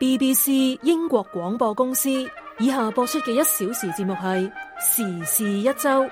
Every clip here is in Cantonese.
BBC 英國廣播公司以下播出嘅一小時節目係時事一周。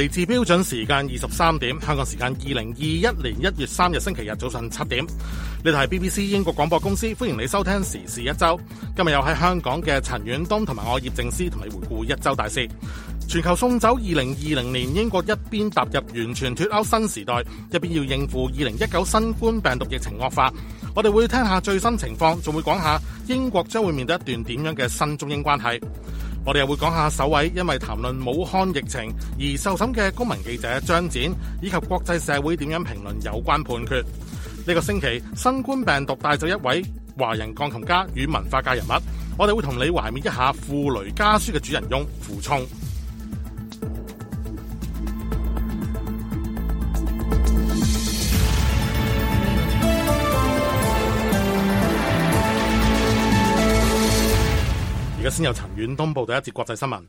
嚟自標準時間二十三點，香港時間二零二一年一月三日星期日早上七點。呢度係 BBC 英國廣播公司，歡迎你收聽時事一周。今日又喺香港嘅陳遠東同埋我葉靖思同你回顧一周大事。全球送走二零二零年，英國一邊踏入完全脫歐新時代，一邊要應付二零一九新冠病毒疫情惡化。我哋會聽下最新情況，仲會講下英國將會面對一段點樣嘅新中英關係。我哋又會講下首位因為談論武漢疫情而受審嘅公民記者張展，以及國際社會點樣評論有關判決。呢個星期，新冠病毒帶走一位華人鋼琴家與文化界人物，我哋會同你懷緬一下《傅雷家書》嘅主人翁傅聰。先由陳遠東報道一節國際新聞。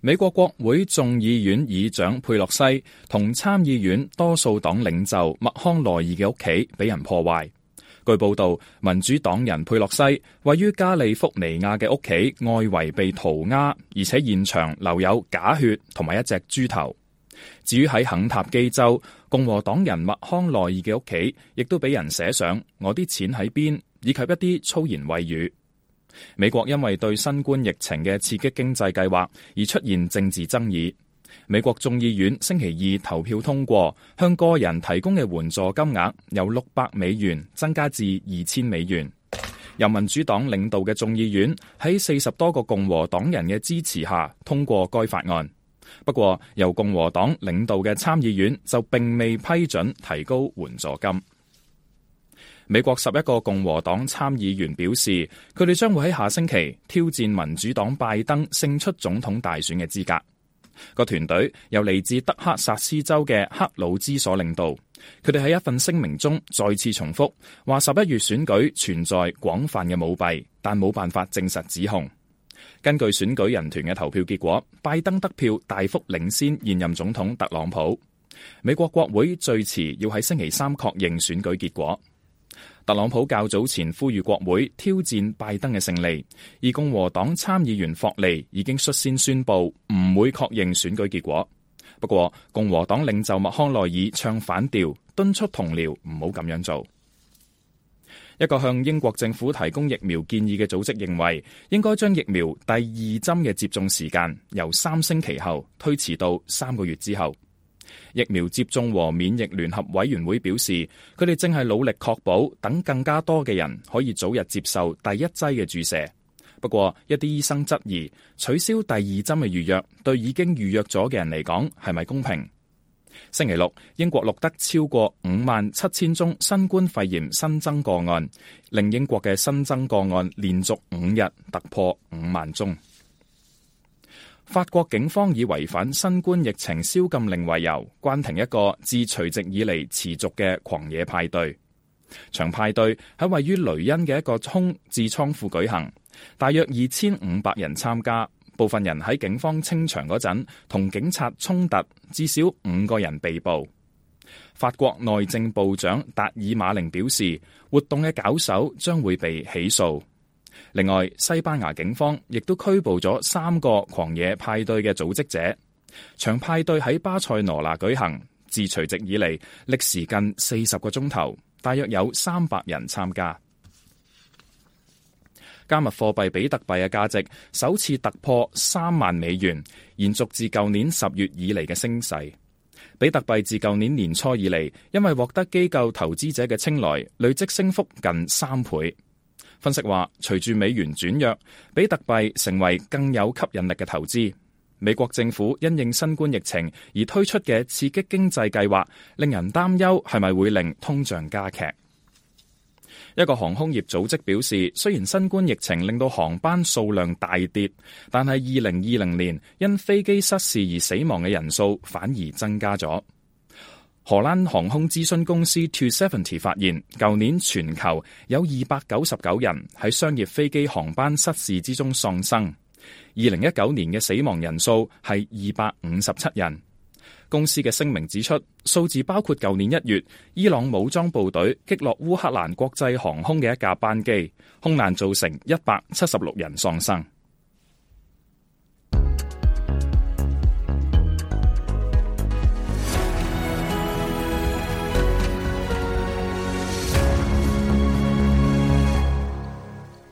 美國國會眾議院議長佩洛西同參議院多數黨領袖麥康奈爾嘅屋企俾人破壞。據報道，民主黨人佩洛西位於加利福尼亞嘅屋企外圍被塗鴉，而且現場留有假血同埋一隻豬頭。至於喺肯塔基州共和黨人麥康奈爾嘅屋企，亦都俾人寫上我啲錢喺邊，以及一啲粗言穢語。美國因為對新冠疫情嘅刺激經濟計劃而出現政治爭議。美國眾議院星期二投票通過，向個人提供嘅援助金額由六百美元增加至二千美元。由民主黨領導嘅眾議院喺四十多個共和黨人嘅支持下通過該法案。不過，由共和黨領導嘅參議院就並未批准提高援助金。美國十一個共和黨參議員表示，佢哋將會喺下星期挑戰民主黨拜登勝出總統大選嘅資格。個團隊由嚟自德克薩斯州嘅克魯茲所領導。佢哋喺一份聲明中再次重複話：十一月選舉存在廣泛嘅舞弊，但冇辦法證實指控。根據選舉人團嘅投票結果，拜登得票大幅領先現任總統特朗普。美國國會最遲要喺星期三確認選舉結果。特朗普較早前呼籲國會挑戰拜登嘅勝利，而共和黨參議員霍利已經率先宣布唔會確認選舉結果。不過，共和黨領袖麥康奈爾唱反調，敦促同僚唔好咁樣做。一個向英國政府提供疫苗建議嘅組織認為，應該將疫苗第二針嘅接種時間由三星期後推遲到三個月之後。疫苗接種和免疫聯合委員會表示，佢哋正係努力確保等更加多嘅人可以早日接受第一劑嘅注射。不過，一啲醫生質疑，取消第二針嘅預約，對已經預約咗嘅人嚟講係咪公平？星期六，英國錄得超過五萬七千宗新冠肺炎新增個案，令英國嘅新增個案連續五日突破五萬宗。法國警方以違反新冠疫情宵禁令為由，關停一個自除夕以嚟持續嘅狂野派對。場派對喺位於雷恩嘅一個空置倉庫舉行，大約二千五百人參加。部分人喺警方清場嗰陣同警察衝突，至少五個人被捕。法國內政部長達爾馬寧表示，活動嘅搞手將會被起訴。另外，西班牙警方亦都拘捕咗三個狂野派對嘅組織者。長派對喺巴塞羅那舉行，自除夕以嚟，歷時近四十個鐘頭，大約有三百人參加。加密貨幣比特幣嘅價值首次突破三萬美元，延續至舊年十月以嚟嘅升勢。比特幣自舊年年初以嚟，因為獲得機構投資者嘅青睞，累積升幅近三倍。分析話，隨住美元轉弱，比特幣成為更有吸引力嘅投資。美國政府因應新冠疫情而推出嘅刺激經濟計劃，令人擔憂係咪會令通脹加劇。一個航空業組織表示，雖然新冠疫情令到航班數量大跌，但係二零二零年因飛機失事而死亡嘅人數反而增加咗。荷蘭航空諮詢公司 To Seventy 發現，舊年全球有二百九十九人喺商業飛機航班失事之中喪生。二零一九年嘅死亡人數係二百五十七人。公司嘅聲明指出，數字包括舊年一月伊朗武裝部隊擊落烏克蘭國際航空嘅一架班機，空難造成一百七十六人喪生。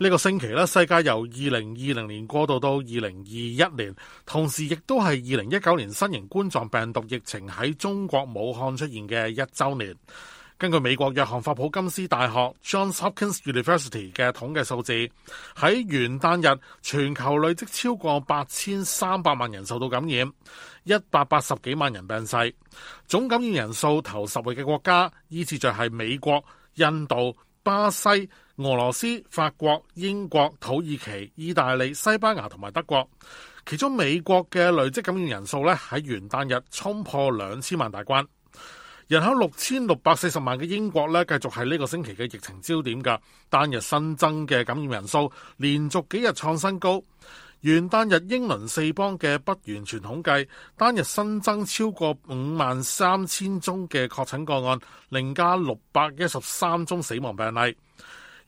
呢個星期咧，世界由二零二零年過渡到二零二一年，同時亦都係二零一九年新型冠狀病毒疫情喺中國武漢出現嘅一週年。根據美國約翰霍普金斯大學 （Johns Hopkins University） 嘅統計數字，喺元旦日，全球累積超過八千三百萬人受到感染，一百八十幾萬人病逝。總感染人數頭十位嘅國家依次就係美國、印度、巴西、俄羅斯、法國、英國、土耳其、意大利、西班牙同埋德國，其中美國嘅累積感染人數咧，喺元旦日衝破兩千萬大關。人口六千六百四十萬嘅英國咧，繼續係呢個星期嘅疫情焦點。噶，單日新增嘅感染人數連續幾日創新高。元旦日英倫四邦嘅不完全統計，單日新增超過五萬三千宗嘅確診個案，另加六百一十三宗死亡病例。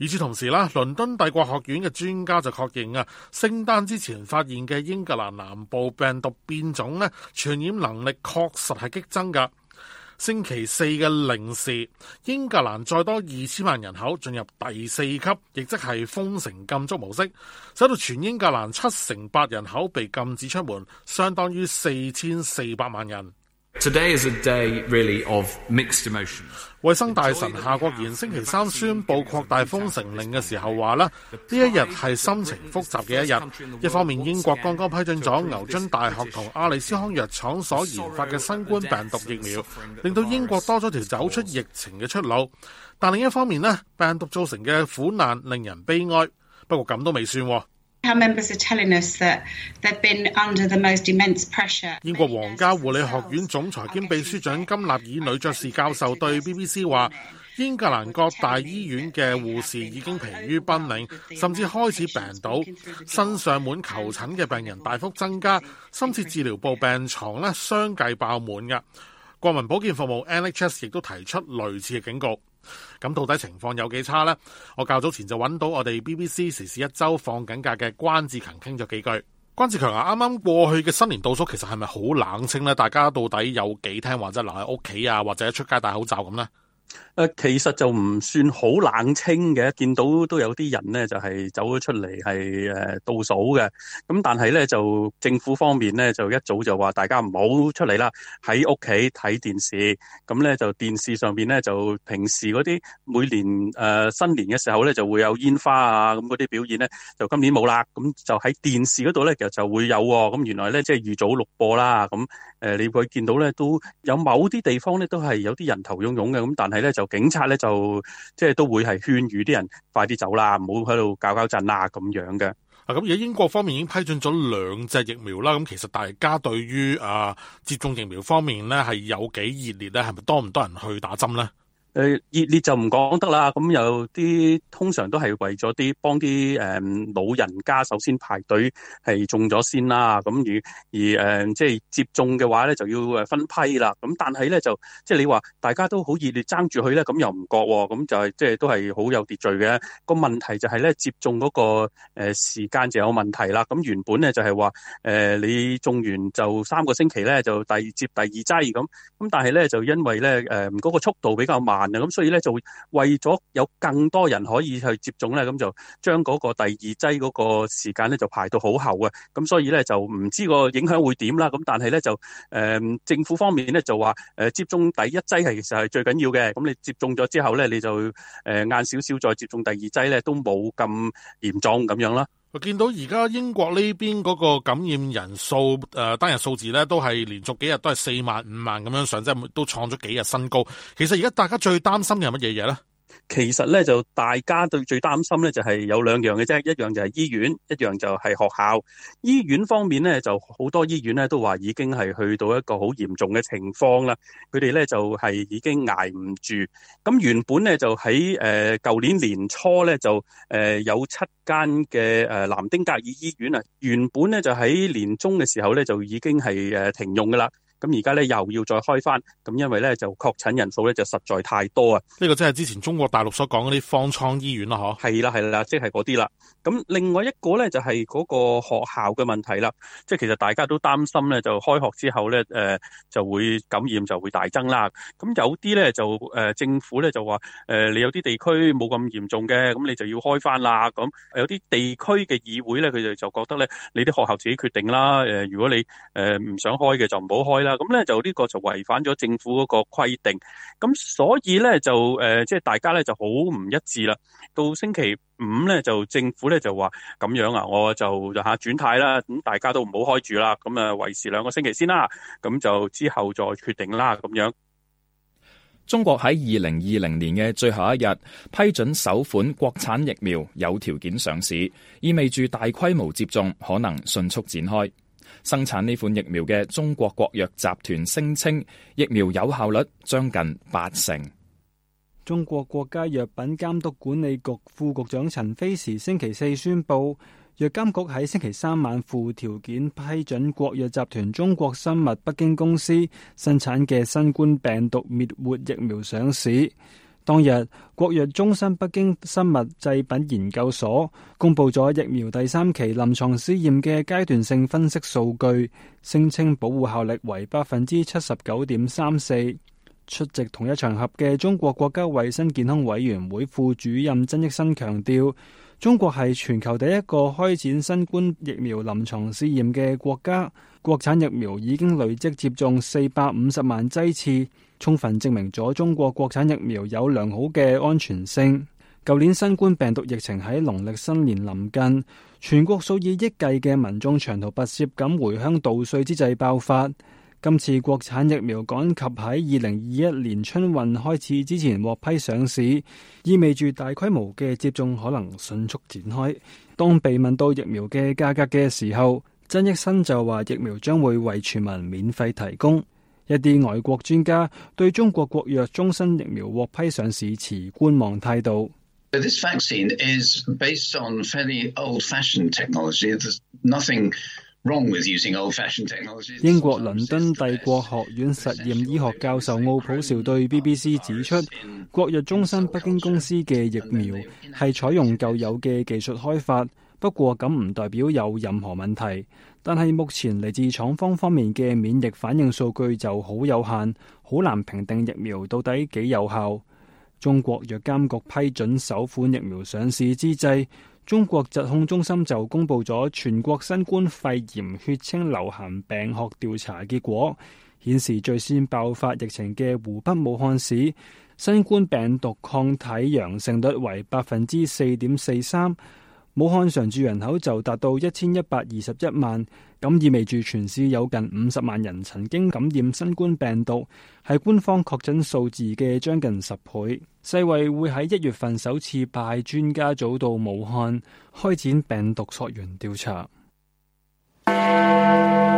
與此同時啦，倫敦帝國學院嘅專家就確認啊，聖誕之前發現嘅英格蘭南部病毒變種咧，傳染能力確實係激增噶。星期四嘅零時，英格蘭再多二千萬人口進入第四級，亦即係封城禁足模式，使到全英格蘭七成八人口被禁止出門，相當於四千四百萬人。Today is a day really of mixed emotions. 衛生大臣夏國賢星期三宣布擴大封城令嘅時候話啦，呢一日係心情複雜嘅一日。一方面，英國剛剛批准咗牛津大學同阿里斯康藥廠所研發嘅新冠病毒疫苗，令到英國多咗條走出疫情嘅出路。但另一方面咧，病毒造成嘅苦難令人悲哀。不過咁都未算。Our members are telling us that they've been under the most immense pressure。英國皇家護理學院總裁兼秘書長金立爾女爵士教授對 BBC 話，英格蘭各大醫院嘅護士已經疲於奔命，甚至開始病倒。新上門求診嘅病人大幅增加，深切治療部病床咧相繼爆滿。噶國民保健服務 NHS 亦都提出類似嘅警告。咁到底情況有幾差呢？我較早前就揾到我哋 BBC 時事一周放緊假嘅關志強傾咗幾句。關志強啊，啱啱過去嘅新年倒數其實係咪好冷清呢？大家到底有幾聽話，即係留喺屋企啊，或者出街戴口罩咁呢？誒，其實就唔算好冷清嘅，見到都有啲人咧，就係走咗出嚟係誒倒數嘅。咁但係咧就政府方面咧就一早就話大家唔好出嚟啦，喺屋企睇電視。咁、嗯、咧就電視上邊咧就平時嗰啲每年誒、呃、新年嘅時候咧就會有煙花啊咁嗰啲表演咧就今年冇啦。咁、嗯、就喺電視嗰度咧其實就會有喎、啊。咁、嗯、原來咧即係預早錄播啦。咁、嗯。誒、呃，你會見到咧，都有某啲地方咧，都係有啲人頭涌涌嘅，咁但係咧就警察咧就即係都會係勸喻啲人快啲走啦，唔好喺度搞搞震啦咁樣嘅。啊，咁而家英國方面已經批准咗兩隻疫苗啦，咁其實大家對於啊接種疫苗方面咧係有幾熱烈咧，係咪多唔多人去打針咧？誒，熱烈就唔講得啦，咁有啲通常都係為咗啲幫啲誒老人家，首先排隊係中咗先啦，咁而而誒即係接種嘅話咧，就要誒分批啦。咁但係咧就即係你話大家都好熱烈爭住去咧，咁又唔覺，咁就係即係都係好有秩序嘅。個問題就係咧接種嗰個誒時間就有問題啦。咁原本咧就係話誒你種完就三個星期咧就第二接第二劑咁，咁但係咧就因為咧誒嗰個速度比較慢。咁所以咧就為咗有更多人可以去接種咧，咁就將嗰個第二劑嗰個時間咧就排到好後啊！咁所以咧就唔知個影響會點啦。咁但係咧就誒、呃、政府方面咧就話誒、呃、接種第一劑係其實係最緊要嘅。咁你接種咗之後咧，你就誒晏少少再接種第二劑咧，都冇咁嚴重咁樣啦。我見到而家英國呢邊嗰個感染人數，誒、呃、單日數字咧都係連續幾日都係四萬五萬咁樣上，即係都創咗幾日新高。其實而家大家最擔心嘅係乜嘢嘢咧？其實咧就大家都最擔心咧就係、是、有兩樣嘅啫，一樣就係醫院，一樣就係學校。醫院方面咧就好多醫院咧都話已經係去到一個好嚴重嘅情況啦，佢哋咧就係、是、已經挨唔住。咁原本咧就喺誒舊年年初咧就誒有七間嘅誒南丁格爾醫院啊，原本咧就喺年中嘅時候咧就已經係誒停用噶啦。咁而家咧又要再開翻，咁因為咧就確診人數咧就實在太多啊！呢個真係之前中國大陸所講嗰啲方艙醫院啦，吓，係啦，係啦，即係嗰啲啦。咁另外一個咧就係嗰個學校嘅問題啦，即係其實大家都擔心咧，就開學之後咧，誒就會感染就會大增啦。咁有啲咧就誒政府咧就話誒你有啲地區冇咁嚴重嘅，咁你就要開翻啦。咁有啲地區嘅議會咧，佢哋就覺得咧，你啲學校自己決定啦。誒如果你誒唔想開嘅，就唔好開啦。咁咧、嗯、就呢個就違反咗政府嗰個規定，咁、嗯、所以咧就誒，即、呃、係大家咧就好唔一致啦。到星期五咧就政府咧就話咁樣啊，我就就吓轉態啦，咁大家都唔好開住啦，咁啊維持兩個星期先啦，咁、嗯、就之後再決定啦，咁樣。中國喺二零二零年嘅最後一日批准首款國產疫苗有條件上市，意味住大規模接種可能迅速展開。生產呢款疫苗嘅中國國藥集團聲稱，疫苗有效率將近八成。中國國家藥品監督管理局副局長陳飛時星期四宣布，藥監局喺星期三晚附條件批准國藥集團中國生物北京公司生產嘅新冠病毒滅活疫苗上市。當日，國藥中生北京生物製品研究所公布咗疫苗第三期臨床試驗嘅階段性分析數據，聲稱保護效力為百分之七十九點三四。出席同一場合嘅中國國家衛生健康委員會副主任曾益新強調，中國係全球第一個開展新冠疫苗臨床試驗嘅國家，國產疫苗已經累積接種四百五十萬劑次。充分證明咗中國國產疫苗有良好嘅安全性。舊年新冠病毒疫情喺農曆新年臨近，全國數以億計嘅民眾長途跋涉咁回鄉度歲之際爆發，今次國產疫苗趕及喺二零二一年春運開始之前獲批上市，意味住大規模嘅接種可能迅速展開，當被問到疫苗嘅價格嘅時候，曾益新就話疫苗將會為全民免費提供。一啲外國專家對中國國藥中生疫苗獲批上市持觀望態度。英國倫敦帝國學院實驗醫學教授奧普少對 BBC 指出，國藥中生北京公司嘅疫苗係採用舊有嘅技術開發，不過咁唔代表有任何問題。但係目前嚟自廠方方面嘅免疫反應數據就好有限，好難評定疫苗到底幾有效。中國藥監局批准首款疫苗上市之際，中國疾控中心就公布咗全國新冠肺炎血清流行病學調查結果，顯示最先爆發疫情嘅湖北武漢市新冠病毒抗體陽性率為百分之四點四三。武漢常住人口就達到一千一百二十一萬，咁意味住全市有近五十萬人曾經感染新冠病毒，係官方確診數字嘅將近十倍。世衛會喺一月份首次派專家組到武漢開展病毒溯源調查。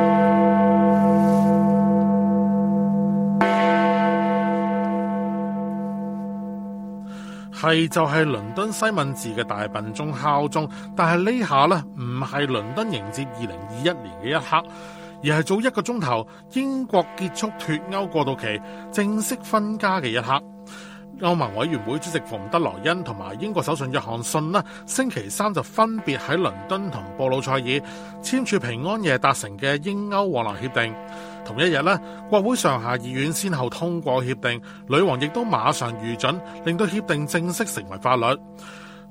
係就係倫敦西敏寺嘅大笨鐘敲鐘，但係呢下呢，唔係倫敦迎接二零二一年嘅一刻，而係早一個鐘頭英國結束脫歐過渡期正式分家嘅一刻。歐盟委員會主席馮德萊恩同埋英國首相約翰遜呢，星期三就分別喺倫敦同布魯塞爾簽署平安夜達成嘅英歐往來協定。同一日咧，國會上下議院先後通過協定，女王亦都馬上御准，令到協定正式成為法律。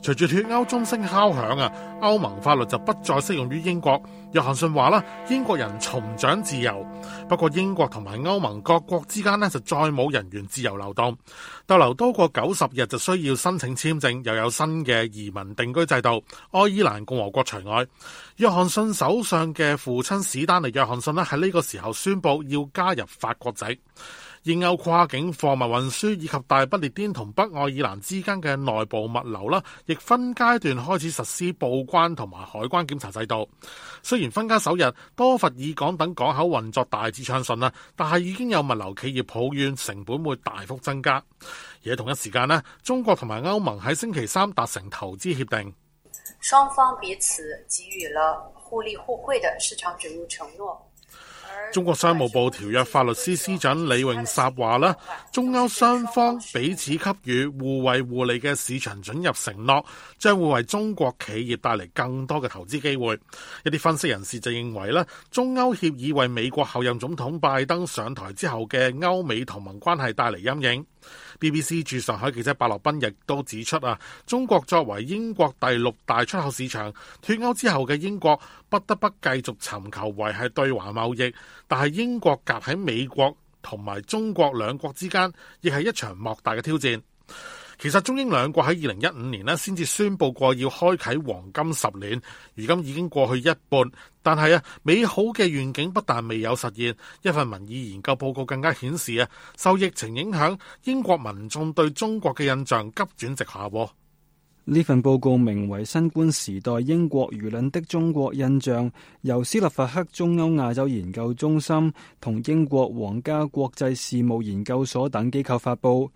隨住脫歐鐘聲敲響啊，歐盟法律就不再適用於英國。約翰遜話啦，英國人重掌自由，不過英國同埋歐盟各國之間呢，就再冇人員自由流動，逗留多過九十日就需要申請簽證，又有新嘅移民定居制度，愛爾蘭共和國除外。約翰遜首相嘅父親史丹尼約翰遜呢，喺呢個時候宣布要加入法國籍。英歐跨境貨物運輸以及大不列顛同北愛爾蘭之間嘅內部物流啦，亦分階段開始實施報關同埋海關檢查制度。雖然分家首日，多佛爾港等港口運作大致暢順啦，但係已經有物流企業抱怨成本會大幅增加。而同一時間呢，中國同埋歐盟喺星期三達成投資協定，雙方彼此給予了互利互惠的市場准入承諾。中國商務部條約法律司司長李永薩話啦，中歐雙方彼此給予互惠互利嘅市場准入承諾，將會為中國企業帶嚟更多嘅投資機會。一啲分析人士就認為咧，中歐協議為美國候任總統拜登上台之後嘅歐美同盟關係帶嚟陰影。BBC 駐上海記者白樂賓亦都指出啊，中國作為英國第六大出口市場，脫歐之後嘅英國不得不繼續尋求維係對華貿易，但係英國夾喺美國同埋中國兩國之間，亦係一場莫大嘅挑戰。其實中英兩國喺二零一五年咧，先至宣布過要開啓黃金十年，如今已經過去一半。但係啊，美好嘅願景不但未有實現，一份民意研究報告更加顯示啊，受疫情影響，英國民眾對中國嘅印象急轉直下。呢份報告名為《新冠時代英國輿論的中國印象》，由斯洛伐克中歐亞洲研究中心同英國皇家國際事務研究所等機構發佈。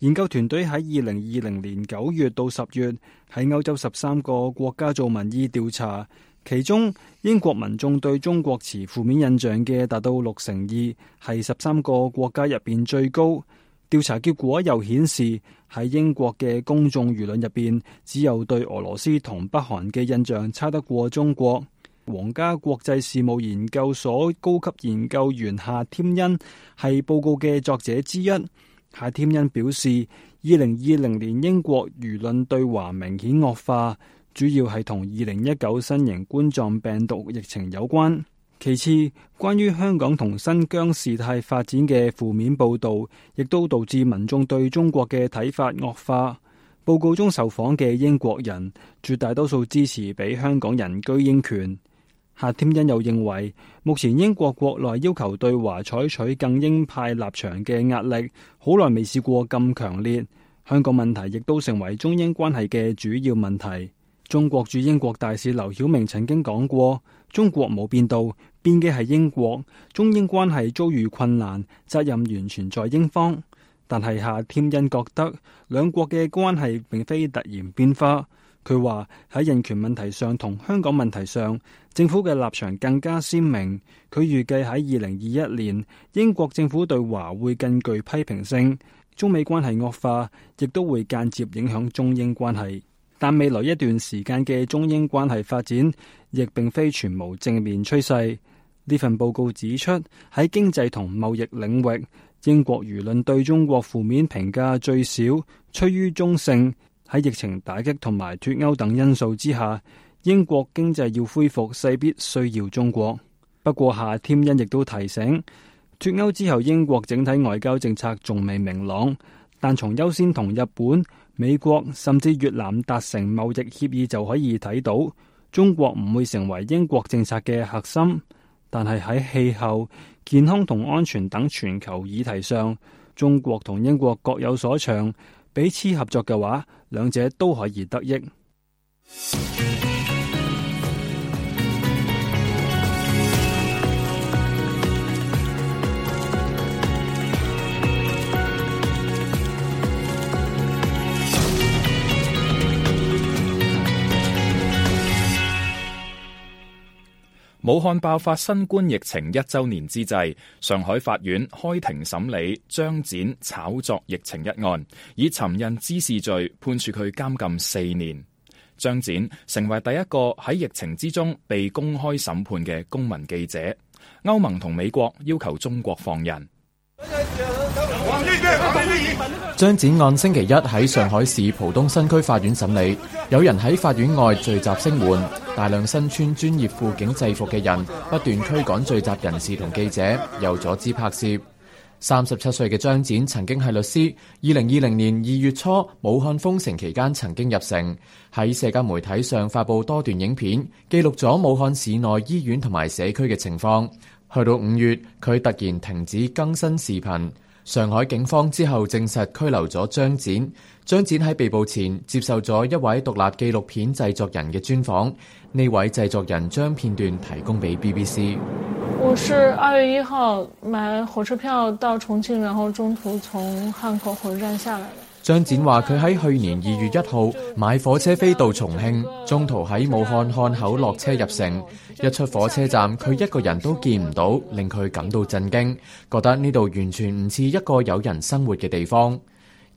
研究團隊喺二零二零年九月到十月喺歐洲十三個國家做民意調查，其中英國民眾對中國持負面印象嘅達到六成二，係十三個國家入面最高。調查結果又顯示，喺英國嘅公眾輿論入面，只有對俄羅斯同北韓嘅印象差得過中國。皇家國際事務研究所高級研究員夏添恩係報告嘅作者之一。夏添恩表示，二零二零年英國輿論對華明顯惡化，主要係同二零一九新型冠狀病毒疫情有關。其次，關於香港同新疆事態發展嘅負面報道，亦都導致民眾對中國嘅睇法惡化。報告中受訪嘅英國人，絕大多數支持俾香港人居英權。夏添恩又認為，目前英國國內要求對華採取更鷹派立場嘅壓力，好耐未試過咁強烈。香港問題亦都成為中英關係嘅主要問題。中國駐英國大使劉曉明曾經講過，中國冇變到，變嘅係英國。中英關係遭遇困難，責任完全在英方。但係夏添恩覺得，兩國嘅關係並非突然變化。佢話喺人權問題上同香港問題上，政府嘅立場更加鮮明。佢預計喺二零二一年，英國政府對華會更具批評性。中美關係惡化，亦都會間接影響中英關係。但未來一段時間嘅中英關係發展，亦並非全無正面趨勢。呢份報告指出，喺經濟同貿易領域，英國輿論對中國負面評價最少，趨於中性。喺疫情打擊同埋脫歐等因素之下，英國經濟要恢復勢必需要中國。不過夏添恩亦都提醒，脫歐之後英國整體外交政策仲未明朗，但從優先同日本、美國甚至越南達成貿易協議就可以睇到，中國唔會成為英國政策嘅核心。但係喺氣候、健康同安全等全球議題上，中國同英國各有所長。彼此合作嘅話，兩者都可以得益。武漢爆發新冠疫情一周年之際，上海法院開庭審理張展炒作疫情一案，以尋釁滋事罪判處佢監禁四年。張展成為第一個喺疫情之中被公開審判嘅公民記者。歐盟同美國要求中國放人。張展案星期一喺上海市浦東新區法院審理，有人喺法院外聚集聲援，大量身穿專業輔警制服嘅人不斷驅趕聚集人士同記者，又阻止拍攝。三十七歲嘅張展曾經係律師，二零二零年二月初武漢封城期間曾經入城，喺社交媒體上發佈多段影片，記錄咗武漢市內醫院同埋社區嘅情況。去到五月，佢突然停止更新視頻。上海警方之後證實拘留咗張展。張展喺被捕前接受咗一位獨立紀錄片製作人嘅專訪。呢位製作人將片段提供俾 BBC。我是二月一號買火車票到重慶，然後中途從漢口火車站下來。張展話，佢喺去年二月一號買火車飛到重慶，中途喺武漢漢口落車入城。一出火車站，佢一個人都見唔到，令佢感到震驚，覺得呢度完全唔似一個有人生活嘅地方。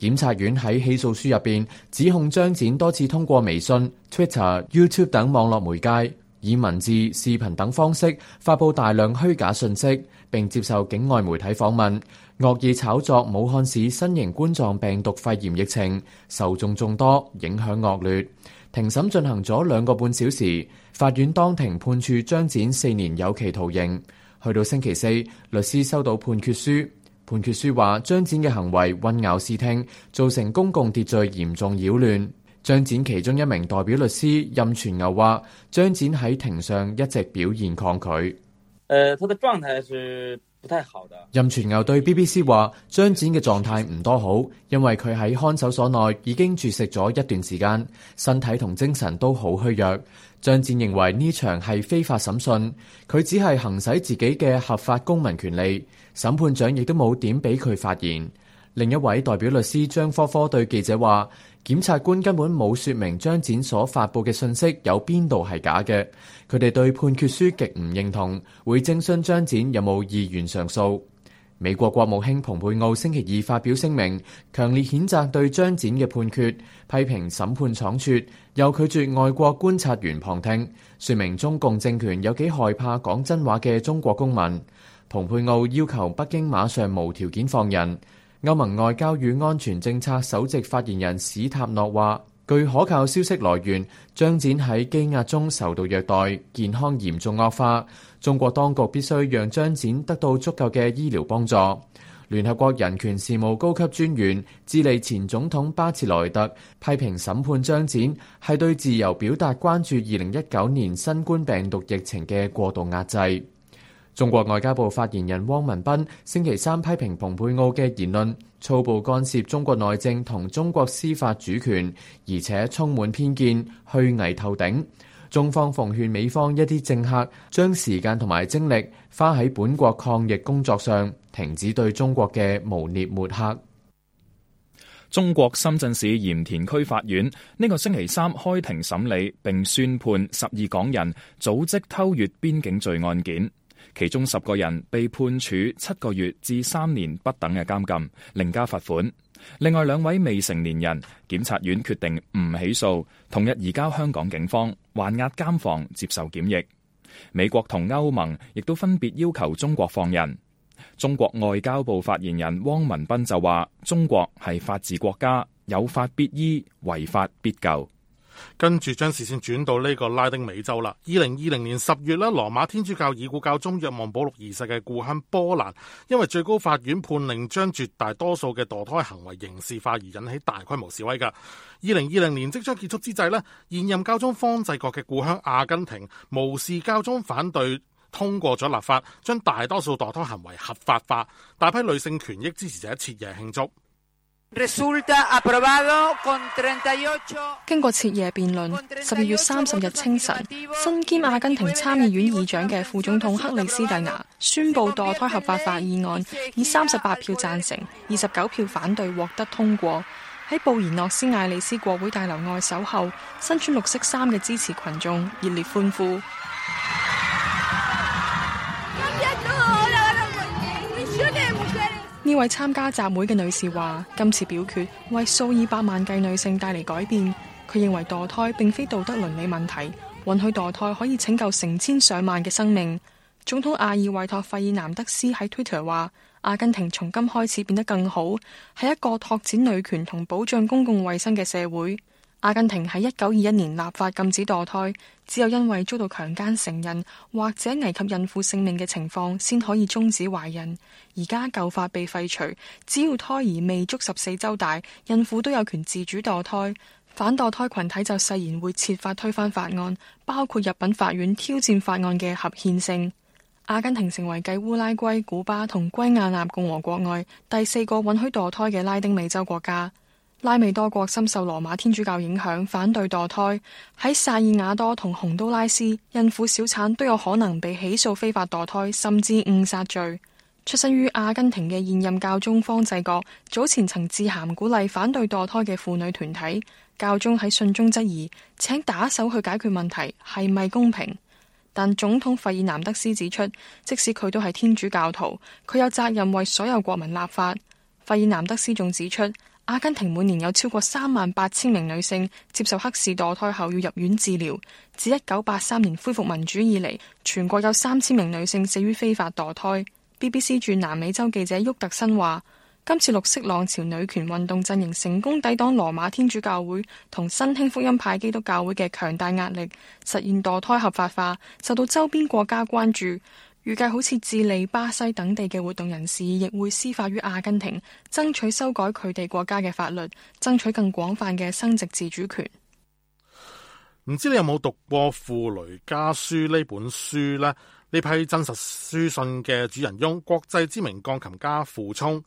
檢察院喺起訴書入邊指控張展多次通過微信、Twitter、YouTube 等網絡媒介，以文字、視頻等方式發佈大量虛假信息，並接受境外媒體訪問。惡意炒作武漢市新型冠狀病毒肺炎疫情，受眾眾多，影響惡劣。庭審進行咗兩個半小時，法院當庭判處張展四年有期徒刑。去到星期四，律師收到判決書，判決書話張展嘅行為混淆視聽，造成公共秩序嚴重擾亂。張展其中一名代表律師任全牛話：張展喺庭上一直表現抗拒。誒、呃，他的狀態是。任全牛對 BBC 話：張展嘅狀態唔多好，因為佢喺看守所內已經絕食咗一段時間，身體同精神都好虛弱。張展認為呢場係非法審訊，佢只係行使自己嘅合法公民權利，審判長亦都冇點俾佢發言。另一位代表律師張科科對記者話，檢察官根本冇說明張展所發佈嘅信息有邊度係假嘅。佢哋對判決書極唔認同，會徵詢張展有冇意願上訴。美國國務卿蓬佩奧星期二發表聲明，強烈譴責對張展嘅判決，批評審判倉促，又拒絕外國觀察員旁聽，說明中共政權有幾害怕講真話嘅中國公民。蓬佩奧要求北京馬上無條件放人。歐盟外交與安全政策首席發言人史塔諾話：據可靠消息來源，張展喺羈押中受到虐待，健康嚴重惡化。中國當局必須讓張展得到足夠嘅醫療幫助。聯合國人權事務高級專員、智利前總統巴切萊特批評審判張展係對自由表達關注二零一九年新冠病毒疫情嘅過度壓制。中國外交部發言人汪文斌星期三批評蓬佩奧嘅言論，粗暴干涉中國內政同中國司法主權，而且充滿偏見，虛偽透頂。中方奉勸美方一啲政客將時間同埋精力花喺本國抗疫工作上，停止對中國嘅污衊抹黑。中國深圳市鹽田區法院呢個星期三開庭審理並宣判十二港人組織偷越邊境罪案件。其中十個人被判處七個月至三年不等嘅監禁，另加罰款。另外兩位未成年人，檢察院決定唔起訴，同日移交香港警方，還押監房接受檢疫。美國同歐盟亦都分別要求中國放人。中國外交部發言人汪文斌就話：中國係法治國家，有法必依，違法必究。跟住將視線轉到呢個拉丁美洲啦。二零二零年十月呢，羅馬天主教已故教宗若望保祿二世嘅故鄉波蘭，因為最高法院判令將絕大多數嘅墮胎行為刑事化而引起大規模示威嘅。二零二零年即將結束之際呢，現任教宗方濟各嘅故鄉阿根廷，無視教宗反對，通過咗立法將大多數墮胎行為合法化，大批女性權益支持者徹夜慶祝。經過徹夜辯論，十二月三十日清晨，身兼阿根廷參議院議長嘅副總統克里斯蒂娜宣布墮胎合法化議案以三十八票贊成、二十九票反對獲得通過。喺布宜諾斯艾利斯國會大樓外守候、身穿綠色衫嘅支持群眾熱烈歡呼。呢位參加集會嘅女士話：今次表決為數以百萬計女性帶嚟改變。佢認為墮胎並非道德倫理問題，允許墮胎可以拯救成千上萬嘅生命。總統阿爾韋托·費爾南德斯喺 Twitter 話：阿根廷從今開始變得更好，係一個拓展女權同保障公共衛生嘅社會。阿根廷喺一九二一年立法禁止墮胎，只有因為遭到強奸、成人或者危及孕婦性命嘅情況，先可以終止懷孕。而家舊法被廢除，只要胎兒未足十四周大，孕婦都有權自主墮胎。反墮胎群體就誓言會設法推翻法案，包括入稟法院挑戰法案嘅合憲性。阿根廷成為繼烏拉圭、古巴同圭亞納共和國外，第四個允許墮胎嘅拉丁美洲國家。拉美多國深受羅馬天主教影響，反對墮胎。喺薩爾瓦多同洪都拉斯，孕婦小產都有可能被起訴非法墮胎，甚至誤殺罪。出身於阿根廷嘅現任教宗方濟各，早前曾致函鼓勵反對墮胎嘅婦女團體。教宗喺信中質疑，請打手去解決問題係咪公平？但總統費爾南德斯指出，即使佢都係天主教徒，佢有責任為所有國民立法。費爾南德斯仲指出。阿根廷每年有超過三萬八千名女性接受黑市墮胎後要入院治療，自一九八三年恢復民主以嚟，全國有三千名女性死於非法墮胎。BBC 駐南美洲記者沃特森話，今次綠色浪潮女權運動陣營成功抵擋羅馬天主教會同新興福音派基督教會嘅強大壓力，實現墮胎合法化，受到周邊國家關注。預計好似智利、巴西等地嘅活動人士，亦會施壓於阿根廷，爭取修改佢哋國家嘅法律，爭取更廣泛嘅生殖自主權。唔知你有冇讀過《傅雷家書》呢本書呢？呢批真實書信嘅主人翁，國際知名鋼琴家傅聰，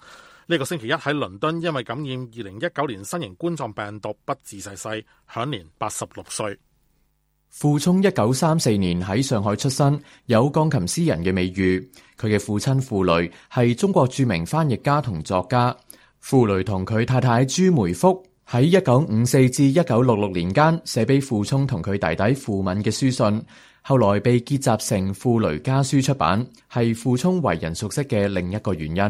呢個星期一喺倫敦因為感染二零一九年新型冠狀病毒不治逝世，享年八十六歲。傅聰一九三四年喺上海出生，有鋼琴詩人嘅美譽。佢嘅父親傅雷係中國著名翻譯家同作家。傅雷同佢太太朱梅馥喺一九五四至一九六六年間寫俾傅聰同佢弟弟傅敏嘅書信，後來被結集成《傅雷家書》出版，係傅聰為人熟悉嘅另一個原因。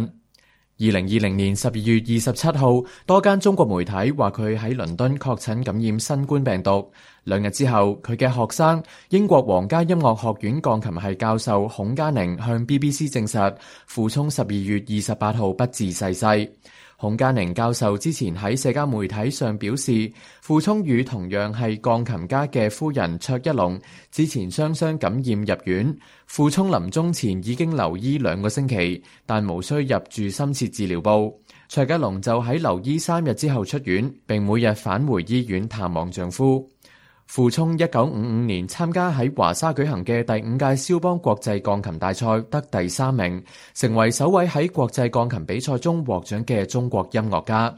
二零二零年十二月二十七號，多間中國媒體話佢喺倫敦確診感染新冠病毒。兩日之後，佢嘅學生、英國皇家音樂學院鋼琴系教授孔嘉寧向 BBC 證實，傅聰十二月二十八號不治逝世。孔嘉寧教授之前喺社交媒體上表示，傅聰與同樣係鋼琴家嘅夫人卓一龍之前雙雙感染入院。傅聰臨終前已經留醫兩個星期，但無需入住深切治療部。卓一龍就喺留醫三日之後出院，並每日返回醫院探望丈夫。傅聰一九五五年參加喺華沙舉行嘅第五屆肖邦國際鋼琴大賽，得第三名，成為首位喺國際鋼琴比賽中獲獎嘅中國音樂家。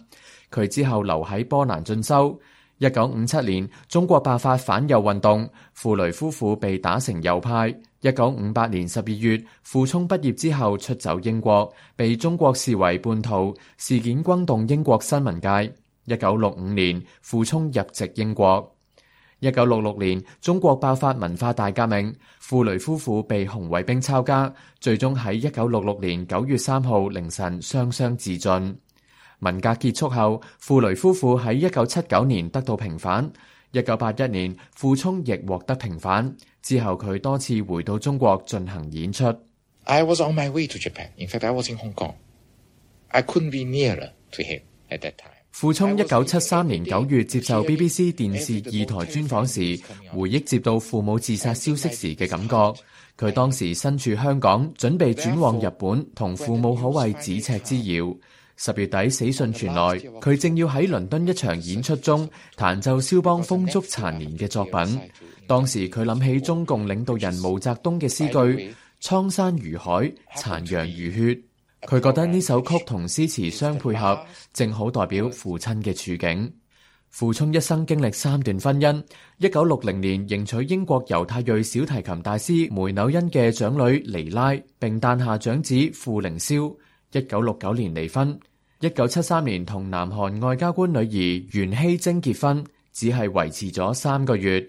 佢之後留喺波蘭進修。一九五七年，中國爆發反右運動，傅雷夫婦被打成右派。一九五八年十二月，傅聰畢業之後出走英國，被中國視為叛徒，事件轟動英國新聞界。一九六五年，傅聰入籍英國。一九六六年，中國爆發文化大革命，傅雷夫婦被紅衛兵抄家，最終喺一九六六年九月三號凌晨雙雙自盡。文革結束後，傅雷夫婦喺一九七九年得到平反，一九八一年傅聰亦獲得平反。之後佢多次回到中國進行演出。I was on my way to Japan. In fact, I was in Hong Kong. I couldn't be nearer to him at that time. 傅聰一九七三年九月接受 BBC 電視二台專訪時，回憶接到父母自殺消息時嘅感覺。佢當時身處香港，準備轉往日本，同父母可謂咫尺之遙。十月底死訊傳來，佢正要喺倫敦一場演出中彈奏肖邦《風燭殘年》嘅作品。當時佢諗起中共領導人毛澤東嘅詩句：蒼山如海，殘陽如血。佢覺得呢首曲同詩詞相配合，正好代表父親嘅處境。傅聰一生經歷三段婚姻：一九六零年迎娶英國猶太裔小提琴大師梅紐恩嘅長女尼拉，並誕下長子傅凌霄；一九六九年離婚；一九七三年同南韓外交官女兒袁希貞結婚，只係維持咗三個月；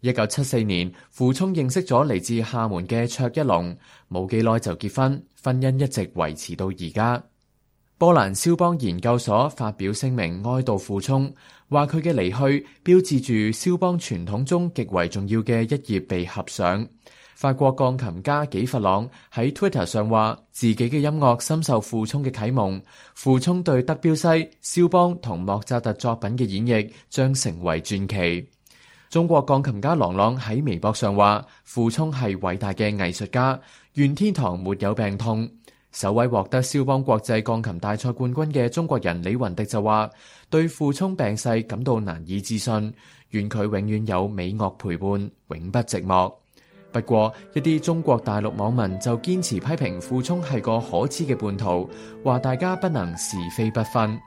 一九七四年傅聰認識咗嚟自廈門嘅卓一龍，冇幾耐就結婚。婚姻一直維持到而家。波蘭肖邦研究所發表聲明哀悼傅聰，話佢嘅離去標誌住肖邦傳統中極為重要嘅一頁被合上。法國鋼琴家紀弗朗喺 Twitter 上話自己嘅音樂深受傅聰嘅啟蒙，傅聰對德彪西、肖邦同莫扎特作品嘅演繹將成為傳奇。中國鋼琴家郎朗喺微博上話傅聰係偉大嘅藝術家。願天堂沒有病痛。首位獲得肖邦國際鋼琴大賽冠軍嘅中國人李雲迪就話，對傅聰病逝感到難以置信，願佢永遠有美樂陪伴，永不寂寞。不過，一啲中國大陸網民就堅持批評傅聰係個可恥嘅叛徒，話大家不能是非不分。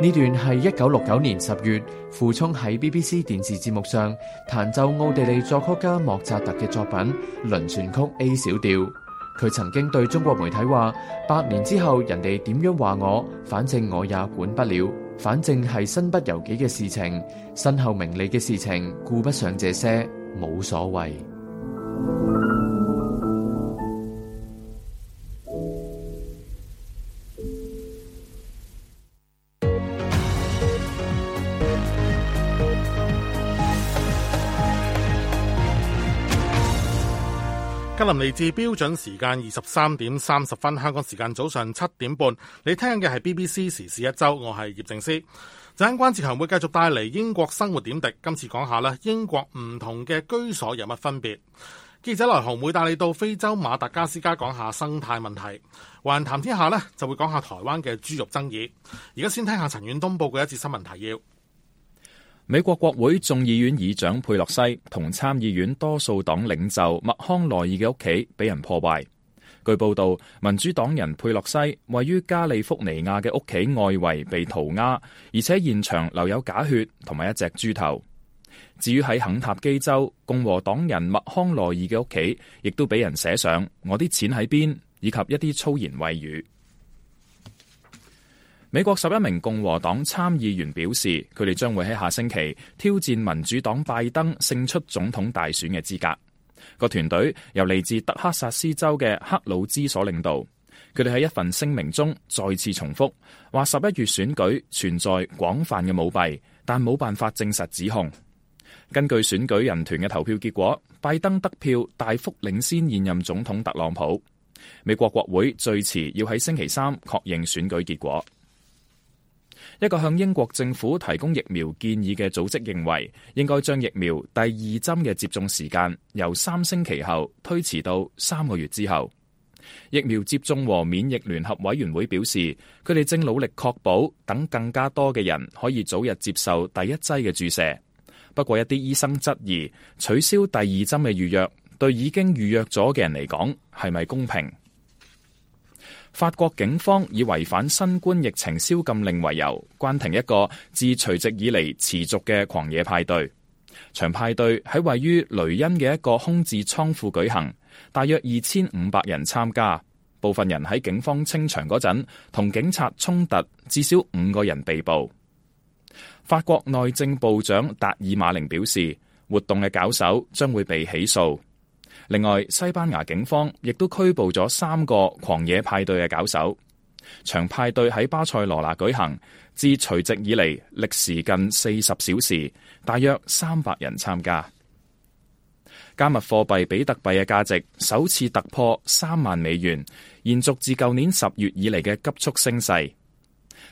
呢段係一九六九年十月，傅聰喺 BBC 電視節目上彈奏奧地利作曲家莫扎特嘅作品《輪旋曲》A 小調。佢曾經對中國媒體話：百年之後人哋點樣話我，反正我也管不了。反正係身不由己嘅事情，身後名利嘅事情，顧不上這些，冇所謂。林嚟自標準時間二十三點三十分，香港時間早上七點半。你聽嘅係 BBC 時事一周，我係葉正思。陣間關志強會繼續帶嚟英國生活點滴。今次講下咧，英國唔同嘅居所有乜分別？記者來鴻會帶你到非洲馬達加斯加講下生態問題。華人談天下呢，就會講下台灣嘅豬肉爭議。而家先聽下陳遠東報嘅一節新聞提要。美國國會眾議院議長佩洛西同參議院多數黨領袖麥康奈爾嘅屋企俾人破壞。據報道，民主黨人佩洛西位於加利福尼亞嘅屋企外圍被塗鴉，而且現場留有假血同埋一隻豬頭。至於喺肯塔基州共和黨人麥康奈爾嘅屋企，亦都俾人寫上我啲錢喺邊，以及一啲粗言穢語。美國十一名共和黨參議員表示，佢哋將會喺下星期挑戰民主黨拜登勝出總統大選嘅資格。個團隊由嚟自德克薩斯州嘅克魯茲所領導。佢哋喺一份聲明中再次重複話：十一月選舉存在廣泛嘅舞弊，但冇辦法證實指控。根據選舉人團嘅投票結果，拜登得票大幅領先現任總統特朗普。美國國會最遲要喺星期三確認選舉結果。一個向英國政府提供疫苗建議嘅組織認為，應該將疫苗第二針嘅接種時間由三星期後推遲到三個月之後。疫苗接種和免疫聯合委員會表示，佢哋正努力確保等更加多嘅人可以早日接受第一劑嘅注射。不過一啲醫生質疑，取消第二針嘅預約，對已經預約咗嘅人嚟講，係咪公平？法國警方以違反新冠疫情宵禁令為由，關停一個自除夕以嚟持續嘅狂野派對。場派對喺位於雷恩嘅一個空置倉庫舉行，大約二千五百人參加。部分人喺警方清場嗰陣同警察衝突，至少五個人被捕。法國內政部長達爾馬寧表示，活動嘅搞手將會被起訴。另外，西班牙警方亦都拘捕咗三個狂野派對嘅搞手。場派對喺巴塞羅那舉行，自除夕以嚟，歷時近四十小時，大約三百人參加。加密貨幣比特幣嘅價值首次突破三萬美元，延續自舊年十月以嚟嘅急速升勢。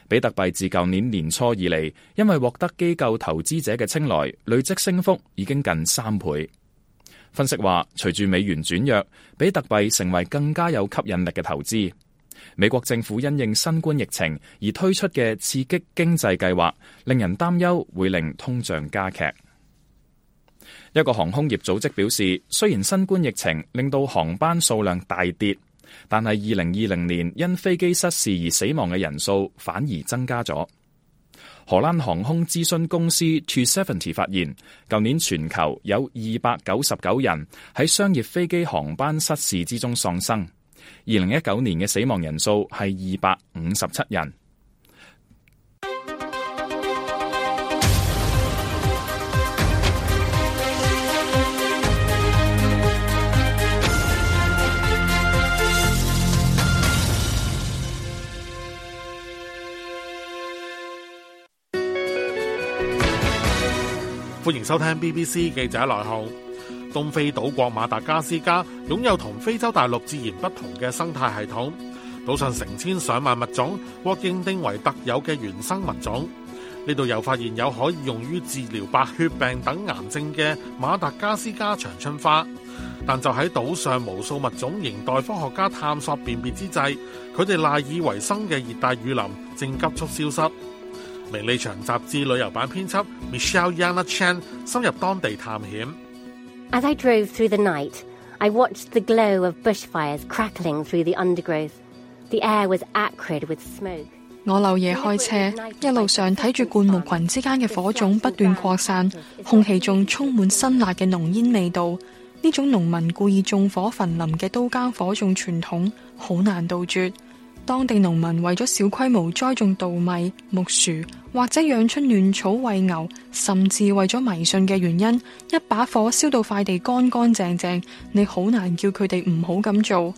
比特幣自舊年年初以嚟，因為獲得機構投資者嘅青睞，累積升幅已經近三倍。分析話，隨住美元轉弱，比特幣成為更加有吸引力嘅投資。美國政府因應新冠疫情而推出嘅刺激經濟計劃，令人擔憂會令通脹加劇。一個航空業組織表示，雖然新冠疫情令到航班數量大跌，但係二零二零年因飛機失事而死亡嘅人數反而增加咗。荷蘭航空諮詢公司 To Seventy 發現，舊年全球有二百九十九人喺商業飛機航班失事之中喪生，二零一九年嘅死亡人數係二百五十七人。歡迎收聽 BBC 記者來鴻。東非島國馬達加斯加擁有同非洲大陸截然不同嘅生態系統，島上成千上萬物種獲認定為特有嘅原生物種。呢度又發現有可以用於治療白血病等癌症嘅馬達加斯加長春花。但就喺島上無數物種仍待科學家探索辨別之際，佢哋賴以為生嘅熱帶雨林正急速消失。《名利場》雜誌旅遊版編輯 Michelle Yannacch 深入當地探險。As I drove through the night, I watched the glow of bushfires crackling through the undergrowth. The air was acrid with smoke. 我漏夜開車，一路上睇住灌木群之間嘅火種不斷擴散，空氣中充滿辛辣嘅濃煙味道。呢種農民故意縱火焚林嘅刀耕火種傳統，好難杜絕。當地農民為咗小規模栽種稻米、木薯，或者養出嫩草餵牛，甚至為咗迷信嘅原因，一把火燒到塊地乾乾淨淨。你好難叫佢哋唔好咁做。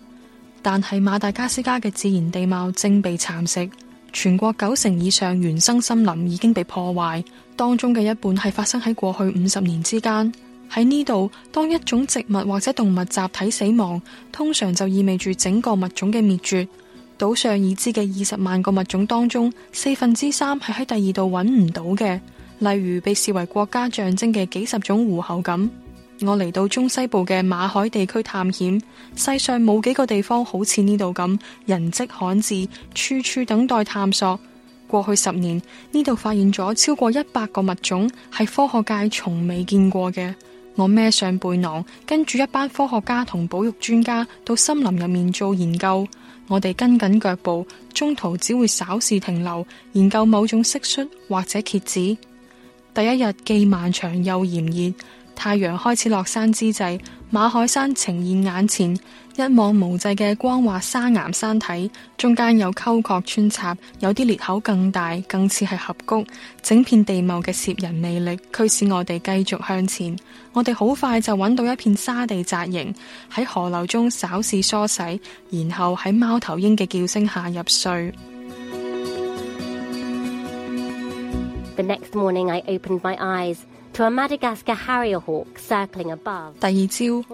但係馬達加斯加嘅自然地貌正被蠶食，全國九成以上原生森林已經被破壞，當中嘅一半係發生喺過去五十年之間。喺呢度，當一種植物或者動物集體死亡，通常就意味住整個物種嘅滅絕。島上已知嘅二十萬個物種當中，四分之三係喺第二度揾唔到嘅，例如被視為國家象徵嘅幾十種狐猴咁。我嚟到中西部嘅馬海地區探險，世上冇幾個地方好似呢度咁人跡罕至，處處等待探索。過去十年，呢度發現咗超過一百個物種係科學界從未見過嘅。我孭上背囊，跟住一班科學家同保育專家到森林入面做研究。我哋跟緊腳步，中途只會稍事停留，研究某種蟋蟀或者蠍子。第一日既漫長又炎熱。太陽開始落山之際，馬海山呈現眼前，一望無際嘅光滑沙岩山體，中間有溝壑穿插，有啲裂口更大，更似係峽谷。整片地貌嘅攝人魅力，驅使我哋繼續向前。我哋好快就揾到一片沙地紮營，喺河流中稍事梳洗，然後喺貓頭鷹嘅叫聲下入睡。The next morning, I opened my eyes. 第二朝，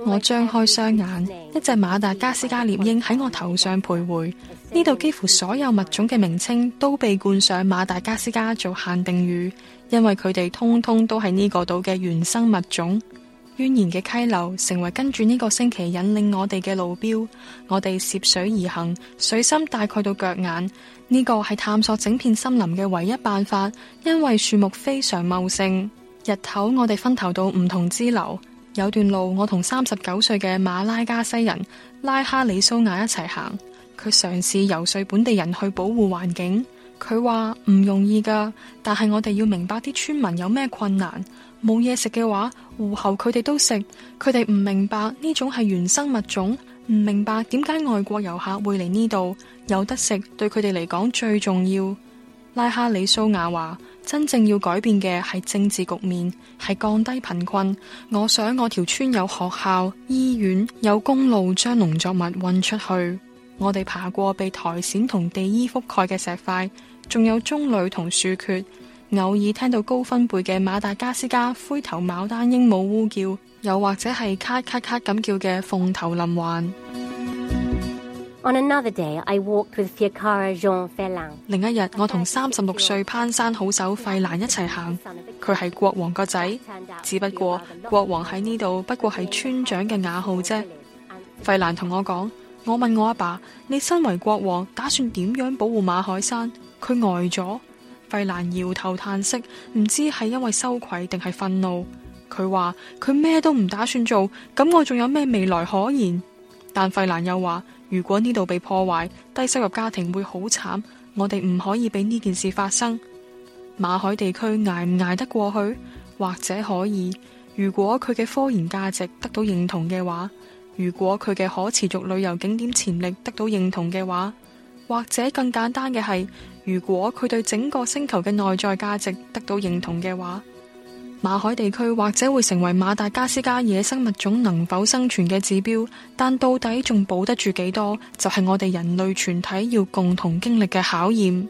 我張開雙眼，一隻馬達加斯加獵鷹喺我頭上徘徊。呢度幾乎所有物種嘅名稱都被冠上馬達加斯加做限定語，因為佢哋通通都係呢個島嘅原生物種。蜿蜒嘅溪流成為跟住呢個星期引領我哋嘅路標。我哋涉水而行，水深大概到腳眼。呢個係探索整片森林嘅唯一辦法，因為樹木非常茂盛。日頭我哋分頭到唔同支流，有段路我同三十九歲嘅馬拉加西人拉哈里蘇亞一齊行。佢嘗試游說本地人去保護環境。佢話唔容易㗎，但係我哋要明白啲村民有咩困難。冇嘢食嘅話，狐猴佢哋都食。佢哋唔明白呢種係原生物種，唔明白點解外國遊客會嚟呢度。有得食對佢哋嚟講最重要。拉哈里蘇亞話。真正要改變嘅係政治局面，係降低貧困。我想我條村有學校、醫院，有公路將農作物運出去。我哋爬過被苔蘚同地衣覆蓋嘅石塊，仲有棕櫚同樹蕨。偶爾聽到高分貝嘅馬達加斯加灰頭牡丹鸚鵡呼叫，又或者係咔咔咔咁叫嘅鳳頭林環。另一日，我同三十六歲攀山好手費蘭一齊行。佢係國王個仔，只不過國王喺呢度不過係村長嘅雅號啫。費蘭同我講，我問我阿爸，爸，你身為國王，打算點樣保護馬海山？佢呆咗。費蘭搖頭嘆息，唔知係因為羞愧定係憤怒。佢話佢咩都唔打算做，咁我仲有咩未來可言？但費蘭又話。如果呢度被破壞，低收入家庭會好慘。我哋唔可以俾呢件事發生。馬海地區挨唔挨得過去？或者可以？如果佢嘅科研價值得到認同嘅話，如果佢嘅可持續旅遊景點潛力得到認同嘅話，或者更簡單嘅係，如果佢對整個星球嘅內在價值得到認同嘅話。馬海地區或者會成為馬達加斯加野生物種能否生存嘅指標，但到底仲保得住幾多，就係、是、我哋人類全體要共同經歷嘅考驗。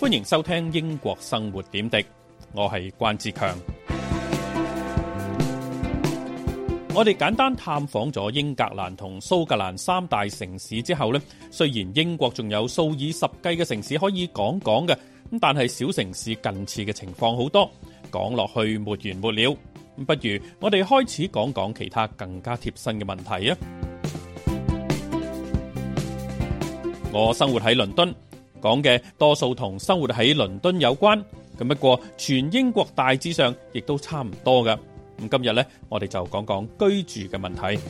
歡迎收聽《英國生活點滴》。我係關志強，我哋簡單探訪咗英格蘭同蘇格蘭三大城市之後呢，雖然英國仲有數以十計嘅城市可以講講嘅，咁但係小城市近似嘅情況好多，講落去沒完沒了。不如我哋開始講講其他更加貼身嘅問題啊！我生活喺倫敦，講嘅多數同生活喺倫敦有關。咁不過全英國大致上亦都差唔多噶。咁今日呢，我哋就講講居住嘅問題。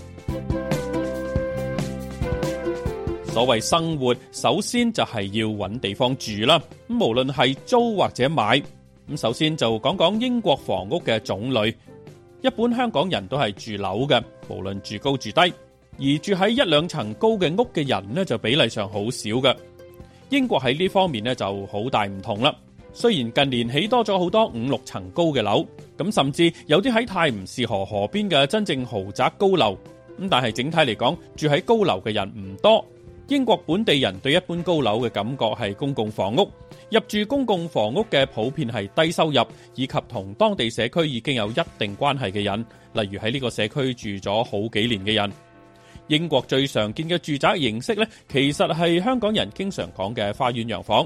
所謂生活，首先就係要揾地方住啦。咁無論係租或者買，咁首先就講講英國房屋嘅種類。一般香港人都係住樓嘅，無論住高住低，而住喺一兩層高嘅屋嘅人呢，就比例上好少嘅。英國喺呢方面呢，就好大唔同啦。雖然近年起多咗好多五六層高嘅樓，咁甚至有啲喺泰晤士河河邊嘅真正豪宅高樓，咁但係整體嚟講，住喺高樓嘅人唔多。英國本地人對一般高樓嘅感覺係公共房屋，入住公共房屋嘅普遍係低收入以及同當地社區已經有一定關係嘅人，例如喺呢個社區住咗好幾年嘅人。英國最常見嘅住宅形式呢，其實係香港人經常講嘅花園洋房。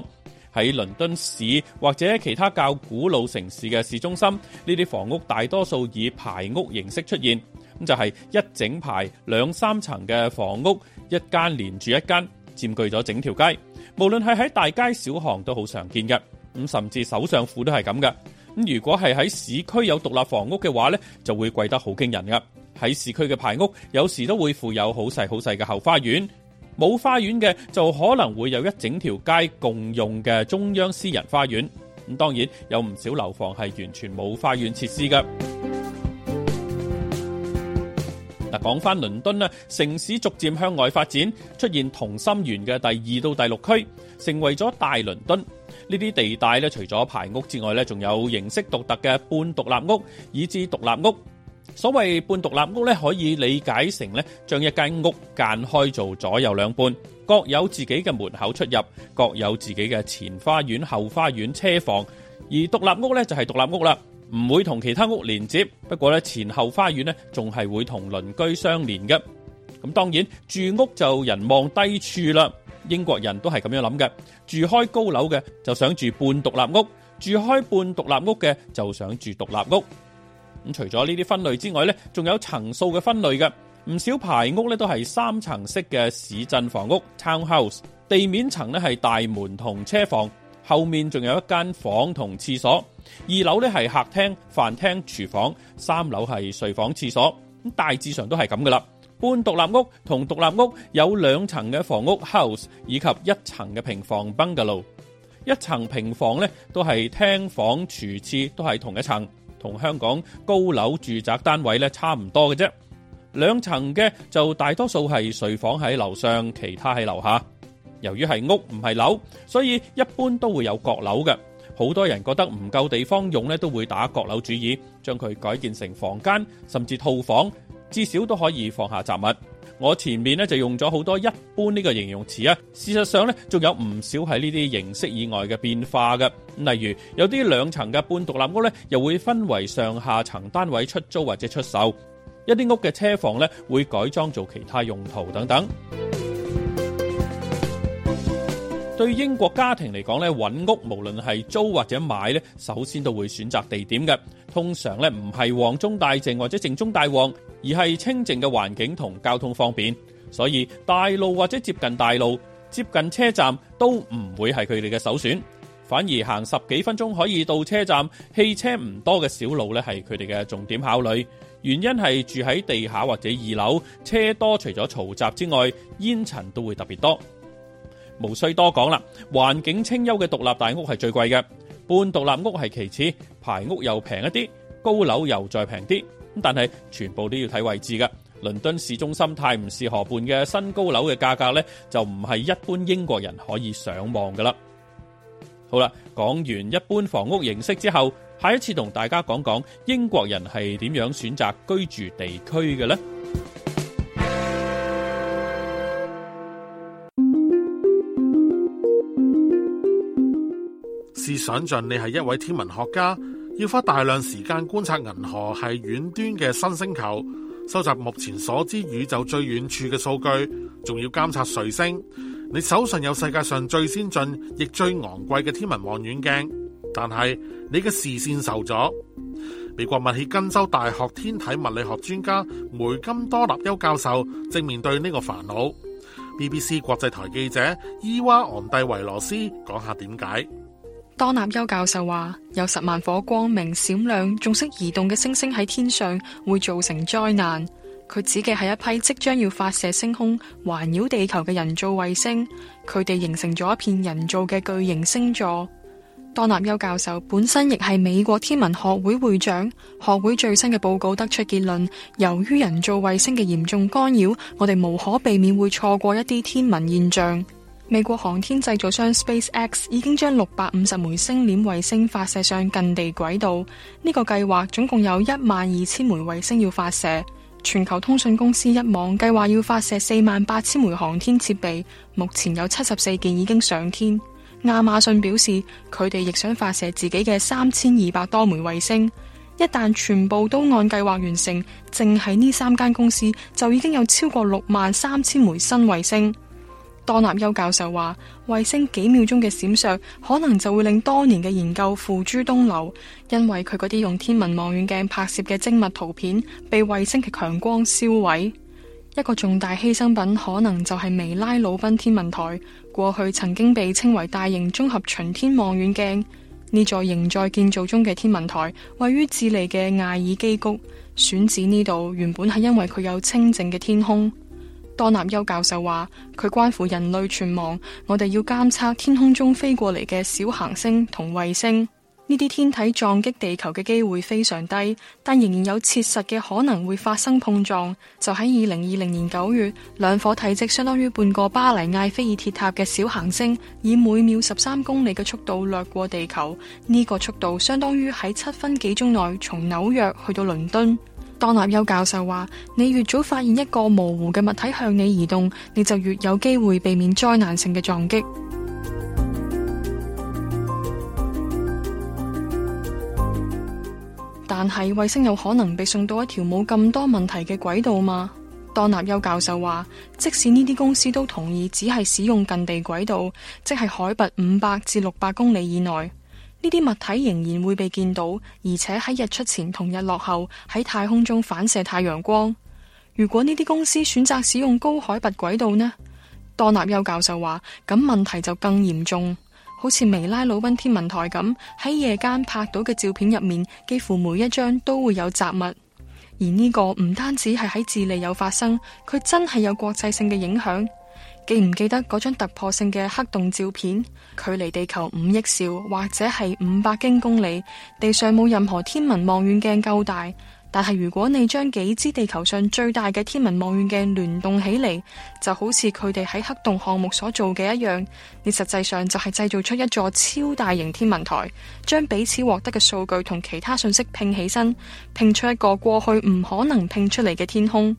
喺倫敦市或者其他較古老城市嘅市中心，呢啲房屋大多數以排屋形式出現，咁就係一整排兩三層嘅房屋，一間連住一間，佔據咗整條街。無論係喺大街小巷都好常見嘅，咁甚至首相府都係咁嘅。咁如果係喺市區有獨立房屋嘅話呢就會貴得好驚人噶。喺市區嘅排屋，有時都會附有好細好細嘅後花園。冇花園嘅就可能會有一整條街共用嘅中央私人花園。咁當然有唔少樓房係完全冇花園設施嘅。嗱，講返倫敦，城市逐漸向外發展，出現同心圓嘅第二到第六區，成為咗大倫敦。呢啲地帶除咗排屋之外，仲有形式獨特嘅半獨立屋，以至獨立屋。所謂半獨立屋呢，可以理解成將一間屋間開做左右兩半，各有自己嘅門口出入，各有自己嘅前花園、後花園、車房。而獨立屋呢就係獨立屋啦，唔會同其他屋連接。不過呢，前後花園呢仲係會同鄰居相連嘅。咁當然住屋就人望低處啦，英國人都係咁樣諗嘅，住開高樓嘅就想住半獨立屋，住開半獨立屋嘅就想住獨立屋。咁除咗呢啲分類之外呢仲有層數嘅分類嘅，唔少排屋呢都係三層式嘅市鎮房屋 （town house），地面層呢係大門同車房，後面仲有一間房同廁所，二樓呢係客廳、飯廳、廚房，三樓係睡房、廁所。咁大致上都係咁噶啦。半獨立屋同獨立屋有兩層嘅房屋 （house） 以及一層嘅平房崩嘅路，一層平房呢都係廳房廚廁都係同一層。同香港高樓住宅單位咧差唔多嘅啫，兩層嘅就大多數係睡房喺樓上，其他喺樓下。由於係屋唔係樓，所以一般都會有閣樓嘅。好多人覺得唔夠地方用咧，都會打閣樓主意，將佢改建成房間甚至套房，至少都可以放下雜物。我前面咧就用咗好多一般呢個形容詞啊，事實上咧仲有唔少係呢啲形式以外嘅變化嘅，例如有啲兩層嘅半獨立屋呢，又會分為上下層單位出租或者出售；一啲屋嘅車房呢，會改裝做其他用途等等。對英國家庭嚟講咧，揾屋無論係租或者買呢，首先都會選擇地點嘅，通常呢，唔係旺中帶靜或者靜中帶旺。而係清靜嘅環境同交通方便，所以大路或者接近大路、接近車站都唔會係佢哋嘅首選，反而行十幾分鐘可以到車站、汽車唔多嘅小路呢，係佢哋嘅重點考慮。原因係住喺地下或者二樓，車多除咗嘈雜之外，煙塵都會特別多。無需多講啦，環境清幽嘅獨立大屋係最貴嘅，半獨立屋係其次，排屋又平一啲，高樓又再平啲。但係全部都要睇位置㗎，倫敦市中心泰晤士河畔嘅新高樓嘅價格呢，就唔係一般英國人可以上望㗎啦。好啦，講完一般房屋形式之後，下一次同大家講講英國人係點樣選擇居住地區嘅呢？試想像你係一位天文學家。要花大量時間觀察銀河系遠端嘅新星球，收集目前所知宇宙最遠處嘅數據，仲要監察彗星。你手上有世界上最先進亦最昂貴嘅天文望遠鏡，但係你嘅視線受阻。美國密歇根州大學天體物理學專家梅金多納優教授正面對呢個煩惱。BBC 國際台記者伊娃昂蒂維羅斯講下點解。多納休教授話：有十萬顆光明閃亮，仲識移動嘅星星喺天上，會造成災難。佢指嘅係一批即將要發射升空環繞地球嘅人造衛星，佢哋形成咗一片人造嘅巨型星座。多納休教授本身亦係美國天文學會會長，學會最新嘅報告得出結論：由於人造衛星嘅嚴重干擾，我哋無可避免會錯過一啲天文現象。美國航天製造商 SpaceX 已經將六百五十枚星鏈衛星發射上近地軌道。呢、這個計劃總共有一萬二千枚衛星要發射。全球通訊公司一網計劃要發射四萬八千枚航天設備，目前有七十四件已經上天。亞馬遜表示，佢哋亦想發射自己嘅三千二百多枚衛星。一旦全部都按計劃完成，淨係呢三間公司就已經有超過六萬三千枚新衛星。多納丘教授話：衛星幾秒鐘嘅閃爍，可能就會令多年嘅研究付諸東流，因為佢嗰啲用天文望遠鏡拍攝嘅精密圖片，被衛星嘅強光燒毀。一個重大犧牲品可能就係維拉魯賓天文台，過去曾經被稱為大型綜合巡天望遠鏡。呢座仍在建造中嘅天文台，位於智利嘅艾爾基谷，選址呢度原本係因為佢有清靜嘅天空。多納丘教授話：佢關乎人類存亡，我哋要監測天空中飛過嚟嘅小行星同衛星。呢啲天體撞擊地球嘅機會非常低，但仍然有切實嘅可能會發生碰撞。就喺二零二零年九月，兩顆體積相當於半個巴黎埃菲爾鐵塔嘅小行星，以每秒十三公里嘅速度掠過地球。呢個速度相當於喺七分幾鐘內從紐約去到倫敦。多納休教授話，你越早發現一個模糊嘅物體向你移動，你就越有機會避免災難性嘅撞擊。但係衛星有可能被送到一條冇咁多問題嘅軌道嗎？多納休教授話，即使呢啲公司都同意只係使用近地軌道，即係海拔五百至六百公里以內。呢啲物體仍然會被見到，而且喺日出前同日落後喺太空中反射太陽光。如果呢啲公司選擇使用高海拔軌道呢？多納優教授話，咁問題就更嚴重。好似維拉魯賓天文台咁，喺夜間拍到嘅照片入面，幾乎每一張都會有雜物。而呢個唔單止係喺智利有發生，佢真係有國際性嘅影響。記唔記得嗰張突破性嘅黑洞照片？距離地球五億兆或者係五百經公里，地上冇任何天文望遠鏡夠大。但係如果你將幾支地球上最大嘅天文望遠鏡聯動起嚟，就好似佢哋喺黑洞項目所做嘅一樣，你實際上就係製造出一座超大型天文台，將彼此獲得嘅數據同其他信息拼起身，拼出一個過去唔可能拼出嚟嘅天空。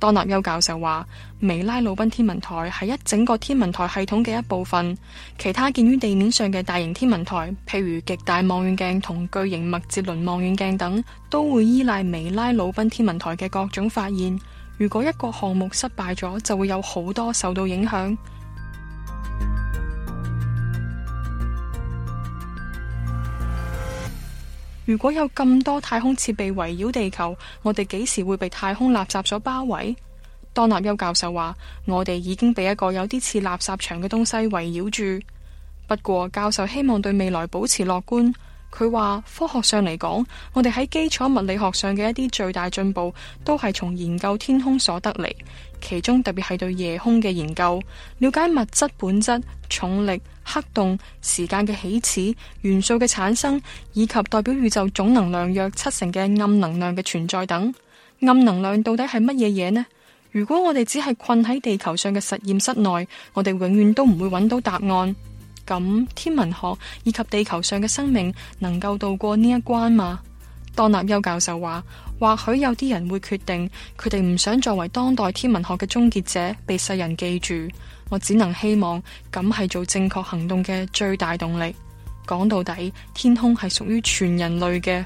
多納優教授話，維拉魯賓天文台係一整個天文台系統嘅一部分，其他建於地面上嘅大型天文台，譬如極大望遠鏡同巨型麥哲倫望遠鏡等，都會依賴維拉魯賓天文台嘅各種發現。如果一個項目失敗咗，就會有好多受到影響。如果有咁多太空設備圍繞地球，我哋幾時會被太空垃圾所包圍？多納優教授話，我哋已經被一個有啲似垃圾場嘅東西圍繞住。不過，教授希望對未來保持樂觀。佢話：科學上嚟講，我哋喺基礎物理學上嘅一啲最大進步，都係從研究天空所得嚟。其中特別係對夜空嘅研究，了解物質本質、重力、黑洞、時間嘅起始、元素嘅產生，以及代表宇宙總能量約七成嘅暗能量嘅存在等。暗能量到底係乜嘢嘢呢？如果我哋只係困喺地球上嘅實驗室內，我哋永遠都唔會揾到答案。咁天文學以及地球上嘅生命能夠度過呢一關嗎？多納休教授話，或許有啲人會決定佢哋唔想作為當代天文學嘅終結者，被世人記住。我只能希望咁係做正確行動嘅最大動力。講到底，天空係屬於全人類嘅。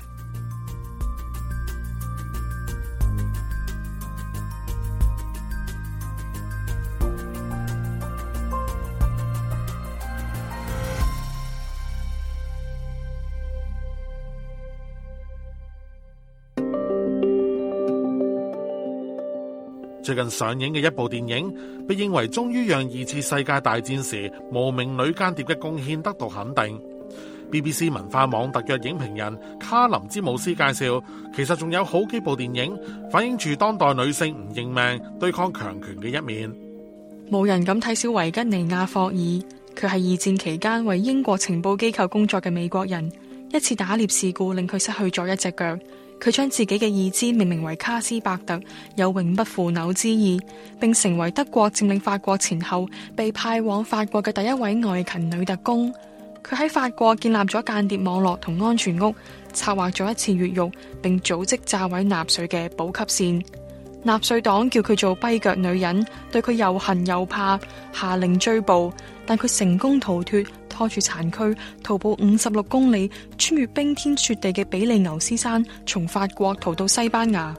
最近上映嘅一部電影被認為終於讓二次世界大戰時無名女間諜嘅貢獻得到肯定。BBC 文化網特約影評人卡林詹姆斯介紹，其實仲有好幾部電影反映住當代女性唔認命、對抗強權嘅一面。無人敢睇小維吉尼亞霍爾，佢係二戰期間為英國情報機構工作嘅美國人。一次打獵事故令佢失去咗一隻腳。佢將自己嘅義肢命名為卡斯伯特，有永不腐朽之意，並成為德國佔領法國前後被派往法國嘅第一位外勤女特工。佢喺法國建立咗間諜網絡同安全屋，策劃咗一次越獄，並組織炸毀納粹嘅補給線。納粹黨叫佢做跛腳女人，對佢又恨又怕，下令追捕，但佢成功逃脱。拖住殘軀，徒步五十六公里，穿越冰天雪地嘅比利牛斯山，從法國逃到西班牙。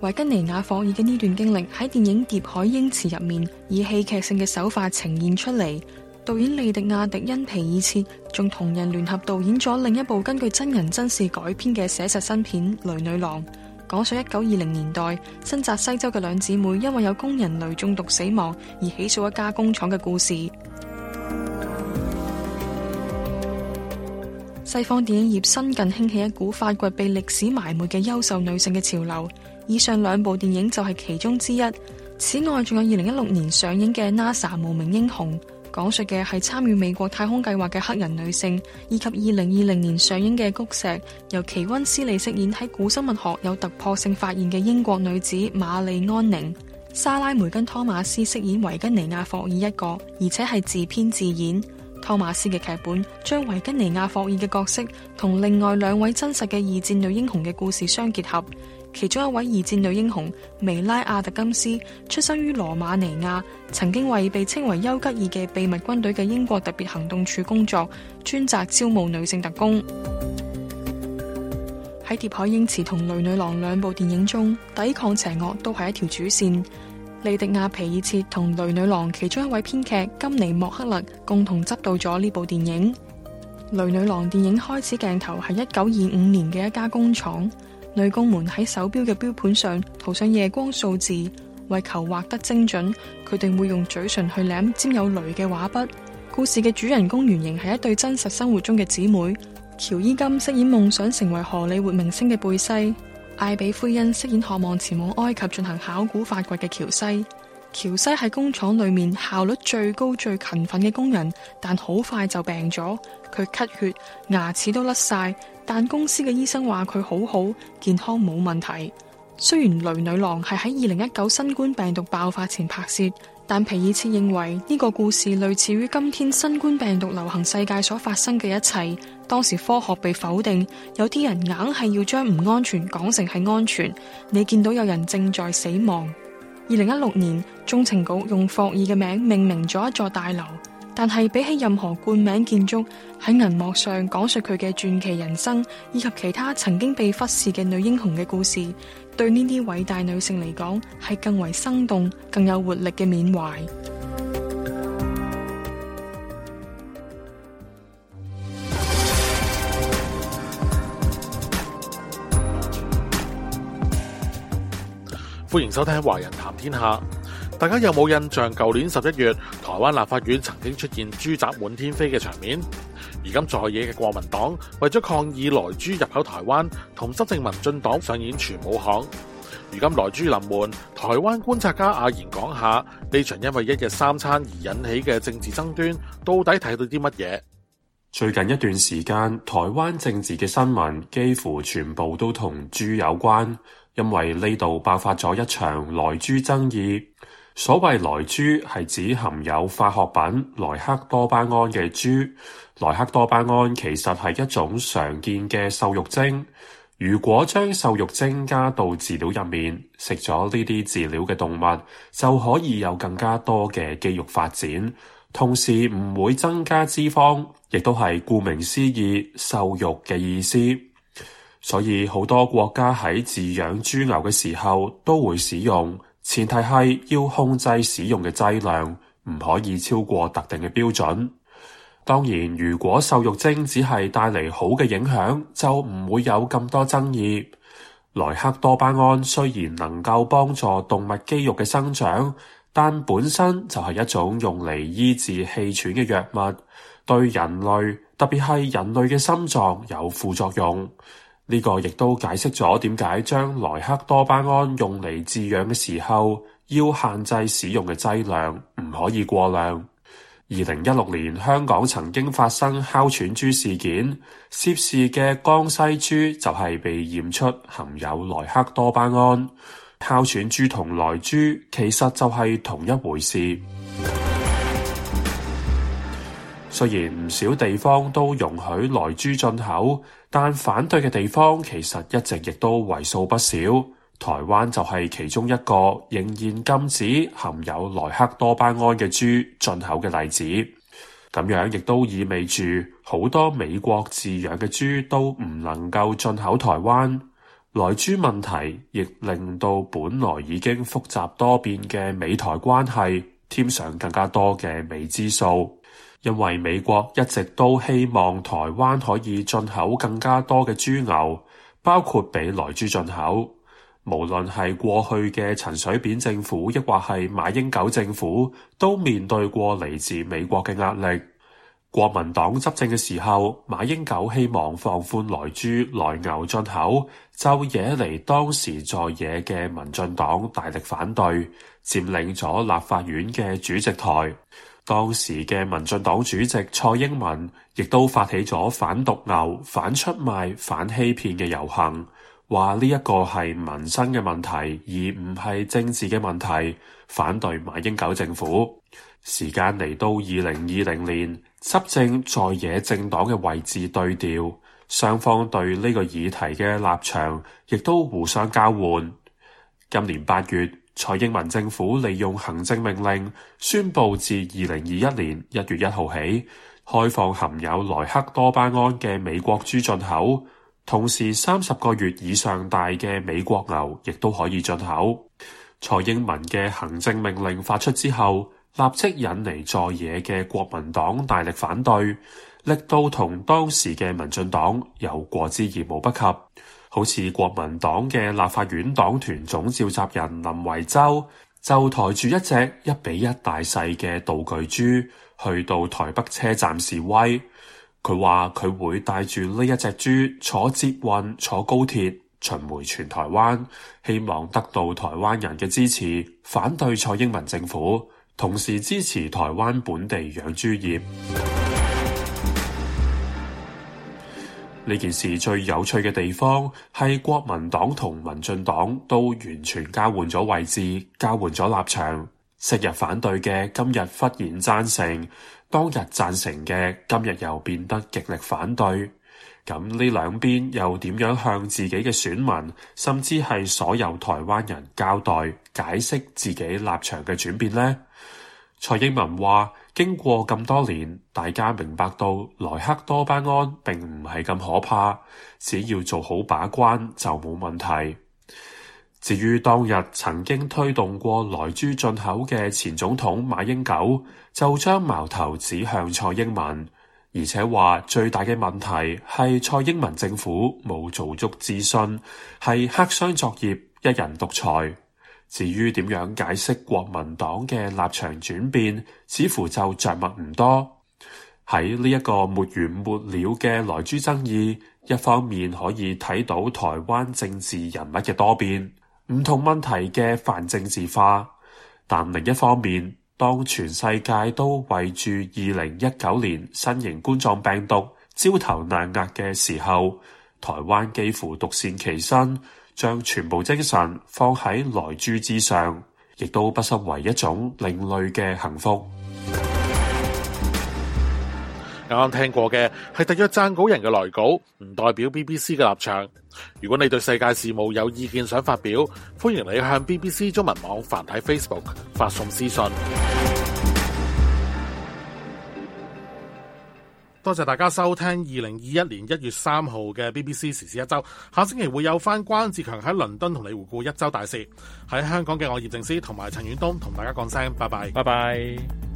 維根尼亞·霍爾嘅呢段經歷喺電影《碟海英雌》入面，以戲劇性嘅手法呈現出嚟。導演利迪亞·迪恩皮爾切仲同人聯合導演咗另一部根據真人真事改編嘅寫實新片《雷女郎》，講述一九二零年代新澤西州嘅兩姊妹因為有工人雷中毒死亡而起訴一家工廠嘅故事。西方電影業新近興起一股發掘被歷史埋沒嘅優秀女性嘅潮流，以上兩部電影就係其中之一。此外，仲有二零一六年上映嘅《NASA 無名英雄》，講述嘅係參與美國太空計劃嘅黑人女性；以及二零二零年上映嘅《菊石》，由奇溫斯利飾演喺古生物學有突破性發現嘅英國女子瑪麗安寧。莎拉梅根·托瑪斯飾演維根尼亞霍爾一個，而且係自編自演。托馬斯嘅劇本將維珍尼亞霍爾嘅角色同另外兩位真實嘅二戰女英雄嘅故事相結合，其中一位二戰女英雄梅拉亞特金斯，出生於羅馬尼亞，曾經為被稱為“丘吉爾嘅秘密軍隊”嘅英國特別行動處工作，專責招募女性特工。喺《碟海英雌》同《雷女郎》兩部電影中，抵抗邪惡都係一條主線。莉迪亞皮爾切同《鐳女郎》其中一位編劇金尼莫克勒共同執導咗呢部電影。《鐳女郎》電影開始鏡頭係一九二五年嘅一家工廠，女工們喺手表嘅表盤上塗上夜光數字，為求畫得精準，佢哋會用嘴唇去舐沾,沾有鐳嘅畫筆。故事嘅主人公原型係一對真實生活中嘅姊妹，喬伊金飾演夢想成為荷里活明星嘅貝西。艾比·昆恩飾演渴望前往埃及進行考古發掘嘅喬西。喬西係工廠裏面效率最高、最勤奮嘅工人，但好快就病咗。佢咳血，牙齒都甩晒，但公司嘅醫生話佢好好，健康冇問題。雖然《雷女郎》係喺二零一九新冠病毒爆發前拍攝。但皮爾切認為呢個故事類似於今天新冠病毒流行世界所發生嘅一切。當時科學被否定，有啲人硬係要將唔安全講成係安全。你見到有人正在死亡。二零一六年，中情局用霍爾嘅名命名咗一座大樓，但係比起任何冠名建築，喺銀幕上講述佢嘅傳奇人生以及其他曾經被忽視嘅女英雄嘅故事。對呢啲偉大女性嚟講，係更為生動、更有活力嘅緬懷。歡迎收聽《華人談天下》，大家有冇印象？舊年十一月，台灣立法院曾經出現豬雜滿天飛嘅場面。而今在，在野嘅國民黨為咗抗議萊豬入口台灣，同執政民進黨上演全武行。如今萊豬臨門，台灣觀察家阿賢講下呢場因為一日三餐而引起嘅政治爭端，到底睇到啲乜嘢？最近一段時間，台灣政治嘅新聞幾乎全部都同豬有關，因為呢度爆發咗一場萊豬爭議。所謂萊豬係指含有化學品萊克多巴胺嘅豬。萊克多巴胺其實係一種常見嘅瘦肉精。如果將瘦肉精加到飼料入面，食咗呢啲飼料嘅動物就可以有更加多嘅肌肉發展，同時唔會增加脂肪，亦都係顧名思義瘦肉嘅意思。所以好多國家喺飼養豬牛嘅時候都會使用，前提係要控制使用嘅劑量，唔可以超過特定嘅標準。當然，如果瘦肉精只係帶嚟好嘅影響，就唔會有咁多爭議。萊克多巴胺雖然能夠幫助動物肌肉嘅生長，但本身就係一種用嚟醫治氣喘嘅藥物，對人類，特別係人類嘅心臟有副作用。呢個亦都解釋咗點解將萊克多巴胺用嚟飼養嘅時候，要限制使用嘅劑量，唔可以過量。二零一六年，香港曾經發生哮喘豬事件，涉事嘅江西豬就係被驗出含有萊克多巴胺。哮喘豬同萊豬其實就係同一回事。 雖然唔少地方都容許萊豬進口，但反對嘅地方其實一直亦都為數不少。台灣就係其中一個仍然禁止含有萊克多巴胺嘅豬進口嘅例子。咁樣亦都意味住好多美國飼養嘅豬都唔能夠進口台灣。萊豬問題亦令到本來已經複雜多變嘅美台關係添上更加多嘅未知數，因為美國一直都希望台灣可以進口更加多嘅豬牛，包括俾萊豬進口。無論係過去嘅陳水扁政府，抑或係馬英九政府，都面對過嚟自美國嘅壓力。國民黨執政嘅時候，馬英九希望放寬萊豬、萊牛進口，就惹嚟當時在野嘅民進黨大力反對，佔領咗立法院嘅主席台。當時嘅民進黨主席蔡英文，亦都發起咗反毒牛、反出賣、反欺騙嘅遊行。話呢一個係民生嘅問題，而唔係政治嘅問題，反對馬英九政府。時間嚟到二零二零年，執政在野政黨嘅位置對調，雙方對呢個議題嘅立場亦都互相交換。今年八月，蔡英文政府利用行政命令宣布，自二零二一年一月一號起開放含有萊克多巴胺嘅美國豬進口。同時，三十個月以上大嘅美國牛亦都可以進口。蔡英文嘅行政命令發出之後，立即引嚟在野嘅國民黨大力反對，力度同當時嘅民進黨有過之而無不及。好似國民黨嘅立法院黨團總召集人林維洲，就抬住一隻一比一大細嘅道具豬去到台北車站示威。佢話：佢會帶住呢一隻豬坐捷運、坐高鐵、巡迴全台灣，希望得到台灣人嘅支持，反對蔡英文政府，同時支持台灣本地養豬業。呢 件事最有趣嘅地方係，國民黨同民進黨都完全交換咗位置，交換咗立場。昔日反對嘅，今日忽然贊成。當日贊成嘅，今日又變得極力反對，咁呢兩邊又點樣向自己嘅選民，甚至係所有台灣人交代解釋自己立場嘅轉變呢？蔡英文話：經過咁多年，大家明白到萊克多巴胺並唔係咁可怕，只要做好把關就冇問題。至於當日曾經推動過萊豬進口嘅前總統馬英九，就將矛頭指向蔡英文，而且話最大嘅問題係蔡英文政府冇做足諮詢，係黑箱作業，一人獨裁。至於點樣解釋國民黨嘅立場轉變，似乎就着墨唔多。喺呢一個沒完沒了嘅萊豬爭議，一方面可以睇到台灣政治人物嘅多變，唔同問題嘅泛政治化，但另一方面，當全世界都為住二零一九年新型冠狀病毒焦頭爛額嘅時候，台灣幾乎獨善其身，將全部精神放喺萊豬之上，亦都不失為一種另類嘅幸福。啱聽過嘅係特約撰稿人嘅來稿，唔代表 BBC 嘅立場。如果你對世界事務有意見想發表，歡迎你向 BBC 中文網繁體 Facebook 發送私信。多謝大家收聽二零二一年一月三號嘅 BBC 時事一周。下星期會有翻關志強喺倫敦同你回顧一周大事。喺香港嘅我葉靖斯同埋陳遠東同大家講聲拜拜，拜拜。Bye bye.